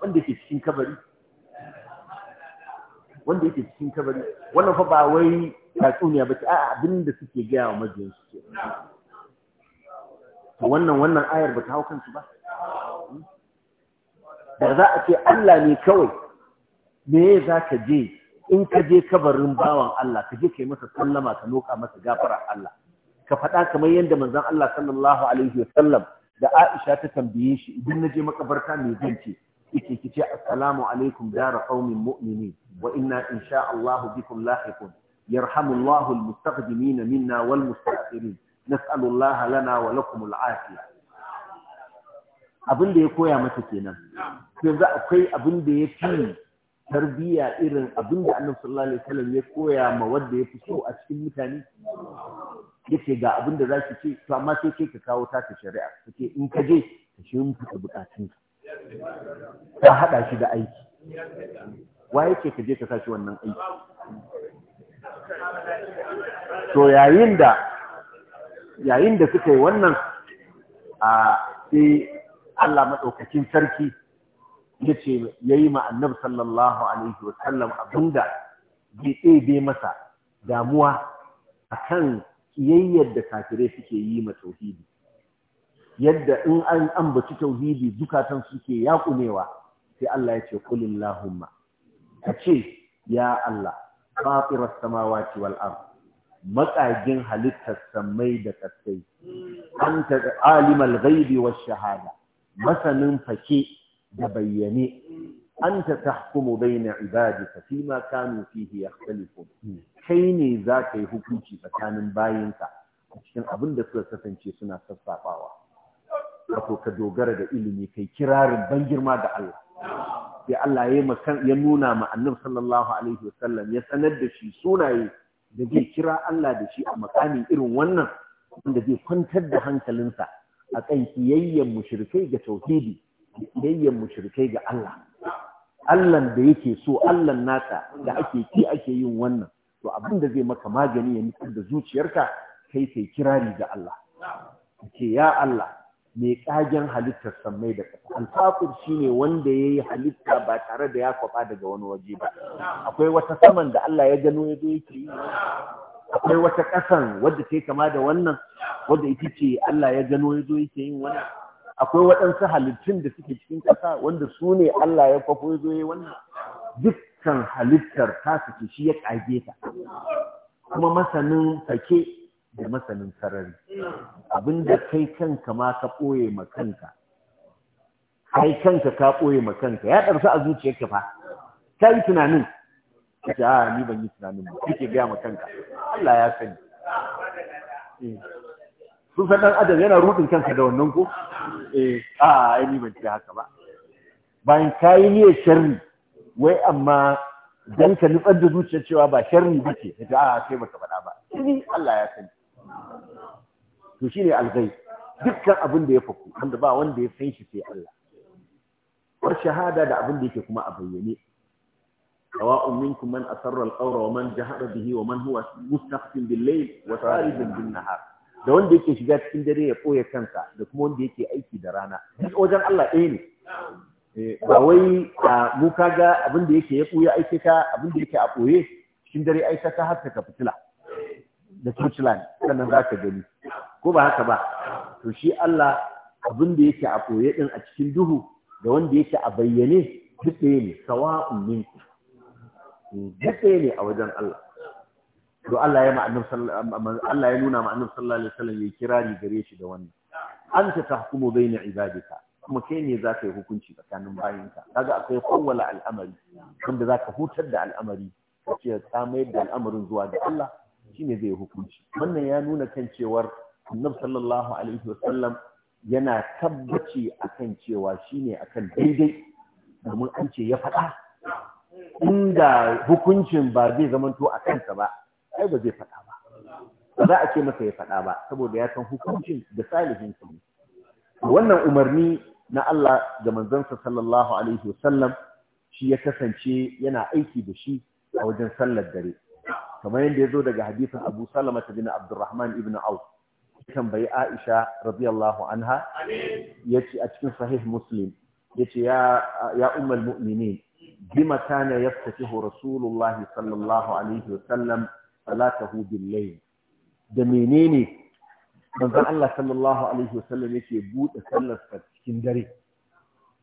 wanda ke cikin kabari wanda yake cikin kabari wannan fa ba wai tatsuniya ba ce a abin da suke gaya wa majiyansu ke wannan wannan ayar ba ta hau kansu ba da za a ce Allah ne kawai me za ka je in ka je kabarin bawan Allah ka je kai masa sallama ka noka masa gafara Allah ka faɗa kamar yadda manzon Allah sallallahu alaihi wasallam da Aisha ta tambaye shi idan na je makabarta me zan ce yake kice assalamu alaikum dara qaumin mu'minin wa inna insha Allah bikum lahiqun minna wal المستقدمين منا والمستأخرين نسأل الله abin da ya koya mata kenan yanzu akwai abin da ya fi tarbiyya irin abin da annabi sallallahu alaihi wasallam ya koya ma wanda ya fi so a cikin mutane yake ga abin da za ki ce to amma sai kai ka kawo ta shari'a kake in ka je ka fita bukatun ka hada shi da aiki wa yake ka je ka sashi wannan aiki to yayin da yayin da suka yi wannan a sai Allah maɗaukacin sarki yace yayi ma annabi sallallahu alaihi wa sallam abinda bai ɗebe masa damuwa A kan kiyayyar da kafirai suke yi ma tauhidi yadda in an ambaci tauhidi zukatan suke yakunewa sai Allah ya ce lahumma. ka ce ya Allah fatirar samawati wal ard maƙagin halittar samai da kasai anta alimal ghaibi wash shahada masanin fake da bayyane anta tahkumu bayna ibadika fima kanu fihi yakhtalifun kai ne za ka yi hukunci tsakanin bayinka a cikin abin da suka kasance suna sassafawa wato ka dogara da ilimi kai kirarin ban girma ga Allah sai Allah ya nuna ma annabi sallallahu alaihi wasallam ya sanar da shi sunaye da zai kira Allah da shi a makamin irin wannan wanda zai kwantar da hankalinsa a kan kiyayyen mushrikai ga tauhidi biyayyen mushrikai ga Allah Allah da yake so Allah naka da ake ki ake yin wannan to abin da zai maka magani ya nutsar da zuciyarka kai sai kirari ga Allah ke ya Allah mai kagen halittar sammai da ƙasa alfaqir shine wanda yayi halitta ba tare da ya kwaba daga wani waje ba akwai wata saman da Allah ya gano ya zo yake yi akwai wata ƙasan wadda take kama da wannan wadda ita ce Allah ya gano ya yake yin wannan akwai waɗansu halittun da suke cikin ƙasa wanda su ne Allah ya kwafo ya zo wannan dukkan halittar ta suke shi ya ƙage ta kuma masanin sake da masanin sarari abinda kai kanka ma ka ɓoye ma kanka kai kanka ka ɓoye ma kanka ya ɗarsu a zuciyarka fa ka yi tunanin ka ce a ah, ni ban yi tunanin ba kuke gaya ma kanka Allah ya sani eh. sun san ɗan adam yana rudin kanka da wannan ko eh a ai ban ce haka ba bayan kayi niyyar sharri wai amma dan ka nutsar da zuciya cewa ba sharri bace kace a sai baka faɗa ba shi Allah ya sani to shine algai dukkan abin da ya faku wanda ba wanda ya san shi sai Allah war shahada da abin da yake kuma a bayyane سواء منكم من أسر القول ومن جهر به ومن هو مستخف بالليل وسارد بالنهار da wanda yake shiga cikin dare ya ɓoye kansa da kuma wanda yake aiki da rana duk wajen Allah ɗaya ne eh, ba wai mu kaga abin da yake ya ɓoye abin da yake a ɓoye cikin dare aika har ka fitila da ne, sannan za ka gani ko ba haka ba to shi Allah abin da yake a ɓoye ɗin a cikin duhu da wanda yake a bayyane duk ɗaya ne sawa'un minku eh, duk ɗaya ne a wajen Allah to Allah ya Allah ya nuna ma sallallahu alaihi wasallam yayi kirari gare shi da wannan anta tahkumu baina ibadika kuma kai ne za ka yi hukunci tsakanin bayinka kaga akwai kowala al'amari wanda za ka hutar da al'amari ka ce ka mayar da al'amarin zuwa ga Allah shine zai yi hukunci wannan ya nuna kan cewar annab sallallahu alaihi wasallam yana tabbaci akan cewa shine akan daidai domin an ce ya faɗa inda hukuncin ba zai zamanto a kansa ba ai ba zai faɗa ba ba za a ce masa ya faɗa ba saboda ya san hukuncin da salihin sa ne wannan umarni na Allah ga manzansa sallallahu alaihi wasallam shi ya kasance yana aiki da shi a wajen sallar dare kamar yadda ya zo daga hadisin Abu Salama bin Abdurrahman ibn Auf tambayi Aisha radiyallahu anha yace a cikin sahih Muslim yace ya ya ummul mu'minin bima kana yaftahu rasulullahi sallallahu alaihi wasallam salatahu billayl da menene manzon Allah sallallahu alaihi wasallam yake bude sallar sa cikin dare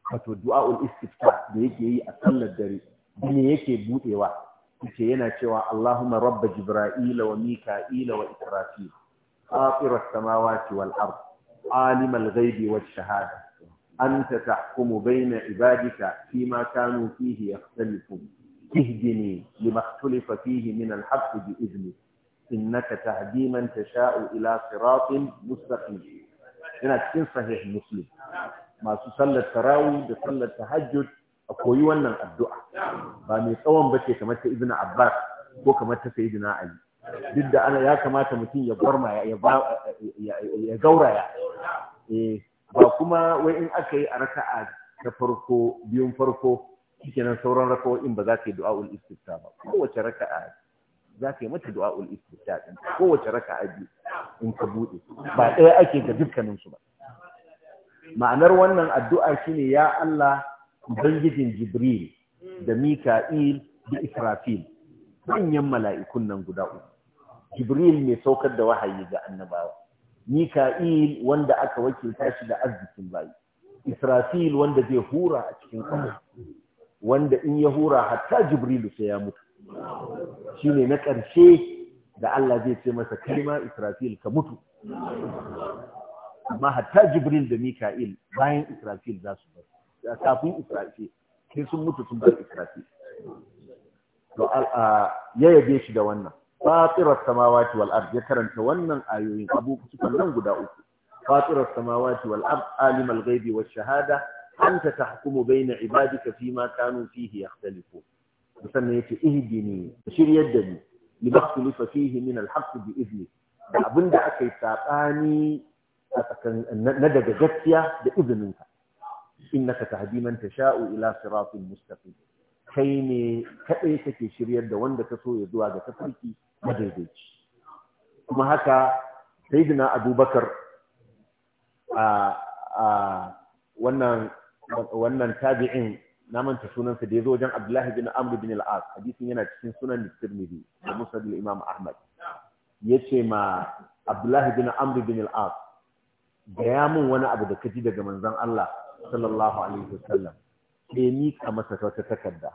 wato du'aul istifta da yake yi a sallar dare ne yake budewa yake yana cewa Allahumma rabba jibril wa mika'il wa israfil fatir as-samawati wal ard alim al-ghaibi wash shahada anta tahkumu bayna ibadika fima kanu fihi yakhtalifun اهدني لما اختلف فيه من الحق بإذنك إنك تهدي من تشاء إلى صراط مستقيم ina cikin sahih muslim masu sallar tarawih da sallar tahajjud a koyi wannan addu'a ba mai tsawon bace kamar ta ibnu abbas ko kamar ta sayyidina ali duk da ana ya kamata mutum ya gorma ya ya gauraya eh ba kuma wai in aka yi a raka'a ta farko biyun farko shikenan sauran raka'o'in ba za ka yi du'a'ul istifta ba kowace raka'a za ka yi mata du'a'ul istifta din kowace raka'a biyu in ka bude ba ɗaya ake ga dukkanin su ba ma'anar wannan addu'a shine ya Allah ubangijin Jibril da Mika'il da Israfil manyan mala'ikun nan guda uku Jibril mai saukar da wahayi ga annabawa Mika'il wanda aka wakilta shi da arzikin bayi Israfil wanda zai hura a cikin kuma. wanda in ya hura hatta jibrilu sai ya mutu shine na ƙarshe da Allah zai ce masa kalma israfil ka mutu amma hatta jibril da mika'il bayan israfil za su bar kafin israfil sai sun mutu sun bar israfil to ya yabe shi da wannan fatirar samawati wal ard ya karanta wannan ayoyin abubuwan nan guda uku fatirar samawati wal ard alimul ghaibi wash shahada anta tahkumu baina ibadika fima kanu fihi yakhtalifu sannan yace ihdini shiryar da ni limakhtalifa fihi min alhaq bi idni da abinda akai sabani a tsakan na daga gaskiya da izininka innaka tahdi man sha'u ila sirafin mustaqim kai ne kaɗai kake shiryar da wanda ka soya ya zuwa ga tafarki madaidaici kuma haka sayyidina abubakar a wannan wannan tabi'in na manta sunansa da ya zo wajen Abdullahi bin Amr bin al-As hadisin yana cikin sunan Tirmidhi da Musnad al-Imam Ahmad yace ma Abdullahi bin Amr bin al-As gaya min wani abu da kaji daga manzon Allah sallallahu alaihi wasallam sai mika masa ta takarda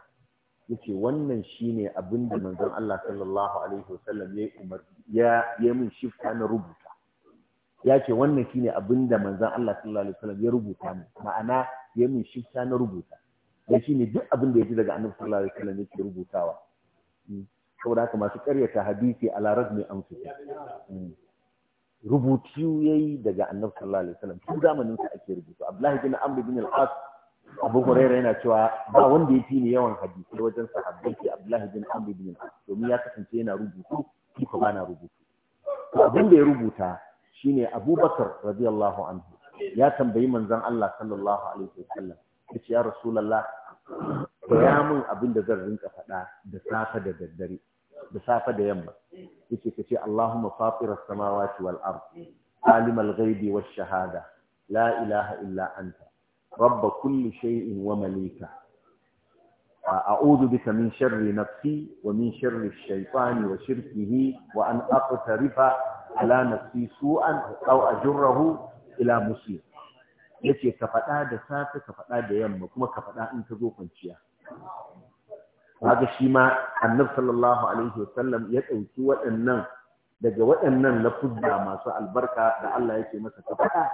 yace wannan shine abin da manzon Allah sallallahu alaihi wasallam ya umar ya ya min shifta na rubuta yace wannan shine abin da manzon Allah sallallahu alaihi wasallam ya rubuta min ma'ana ya min shifta na rubuta dan ne duk abin da ya ji daga annabi sallallahu alaihi wasallam yake rubutawa mm. saboda haka masu karyata hadisi ala an anfusi mm. rubutu yayi daga annabi sallallahu alaihi wasallam tun zamanin sa ake rubutu abdullahi bin amr bin al-as abu hurairah yana cewa ba wanda ya fi ni yawan hadisi wajen sahabbai ke abdullahi bin amr bin al-as domin ya kasance yana rubutu ko ba na rubutu abin da ya rubuta shine abubakar radiyallahu anhu ya tambayi manzon Allah sallallahu alaihi wasallam yace ya rasulullah ya mun abin da zan rinka faɗa da safa da daddare da safa da yamma yace kace Allahumma fatir as-samawati wal ard alim al-ghaibi wash shahada la ilaha illa anta rabb kulli shay'in wa malika أعوذ بك من شر نفسي ومن شر الشيطان وشركه وأن أقترف على نفسي سوءا أو أجره ila muslim yace ka faɗa da safe ka faɗa da yamma kuma ka faɗa in ka zo kwanciya kaga shi ma annabi sallallahu alaihi wasallam ya ɗauki waɗannan daga waɗannan lafuzza masu albarka da Allah yake masa ka faɗa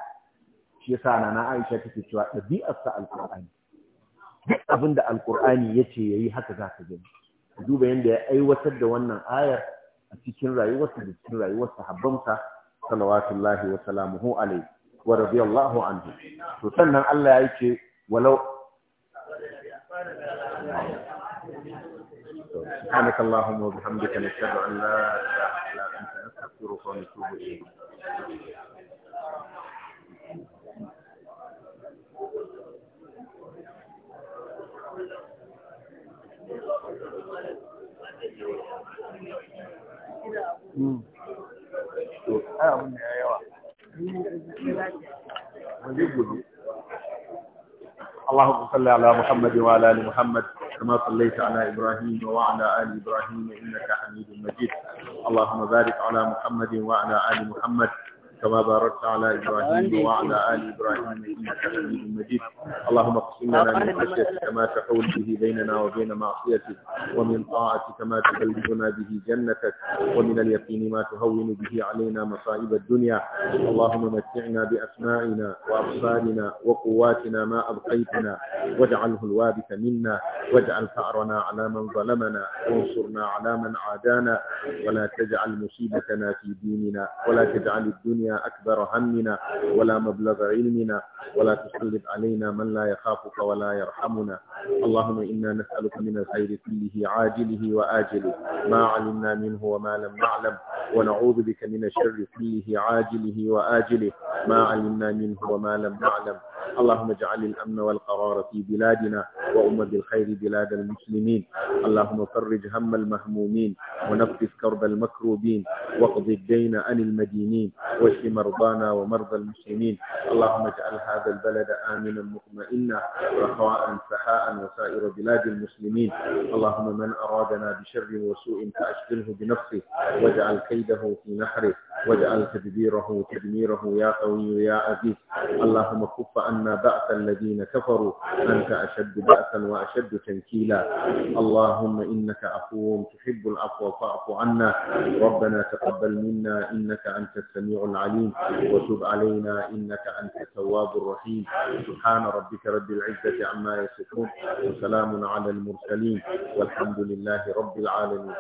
shi yasa nana Aisha take cewa ɗabi'arsa alqur'ani duk abin da alqur'ani yace yayi haka za ka gani duba yanda ya aiwatar da wannan ayar a cikin rayuwarsa da cikin rayuwarsa sahabbansa salawatullahi wa salamuhu alaihi ورضي الله عنه فسنة الله عليك ولو سبحانك اللهم وبحمدك نشهد ان لا اله الا انت استغفرك ونتوب اليك Mm. Oh, yeah, yeah. اللهم صل على محمد وعلى ال محمد كما صليت على ابراهيم وعلى ال ابراهيم انك حميد مجيد اللهم بارك على محمد وعلى ال محمد كما باركت على إبراهيم وعلى آل إبراهيم إنك حميد مجيد اللهم اقسم لنا من خشيتك ما تحول به بيننا وبين معصيتك ومن طاعتك ما تبلغنا به جنتك ومن اليقين ما تهون به علينا مصائب الدنيا اللهم متعنا بأسماعنا وأبصارنا وقواتنا ما أبقيتنا واجعله الوارث منا واجعل ثأرنا على من ظلمنا وانصرنا على من عادانا ولا تجعل مصيبتنا في ديننا ولا تجعل الدنيا أكبر همنا ولا مبلغ علمنا ولا تسلط علينا من لا يخافك ولا يرحمنا اللهم إنا نسألك من الخير كله عاجله وآجله ما علمنا منه وما لم نعلم ونعوذ بك من الشر كله عاجله وآجله ما علمنا منه وما لم نعلم اللهم اجعل الأمن والقرار في بلادنا وأمة بالخير بلاد المسلمين اللهم فرج هم المهمومين ونفس كرب المكروبين واقض الدين عن المدينين واشف مرضانا ومرضى المسلمين اللهم اجعل هذا البلد آمنا مطمئنا رخاء سحاء وسائر بلاد المسلمين اللهم من أرادنا بشر وسوء فأشغله بنفسه واجعل كيده في نحره واجعل تدبيره تدميره يا قوي يا عزيز اللهم كف عنا بأس الذين كفروا أنت أشد بأسا وأشد تنكيلا اللهم إنك عفو تحب العفو فاعف عنا ربنا تقبل منا إنك أنت السميع العليم العليم وتب علينا إنك أنت التواب الرحيم سبحان ربك رب العزة عما يصفون وسلام على المرسلين والحمد لله رب العالمين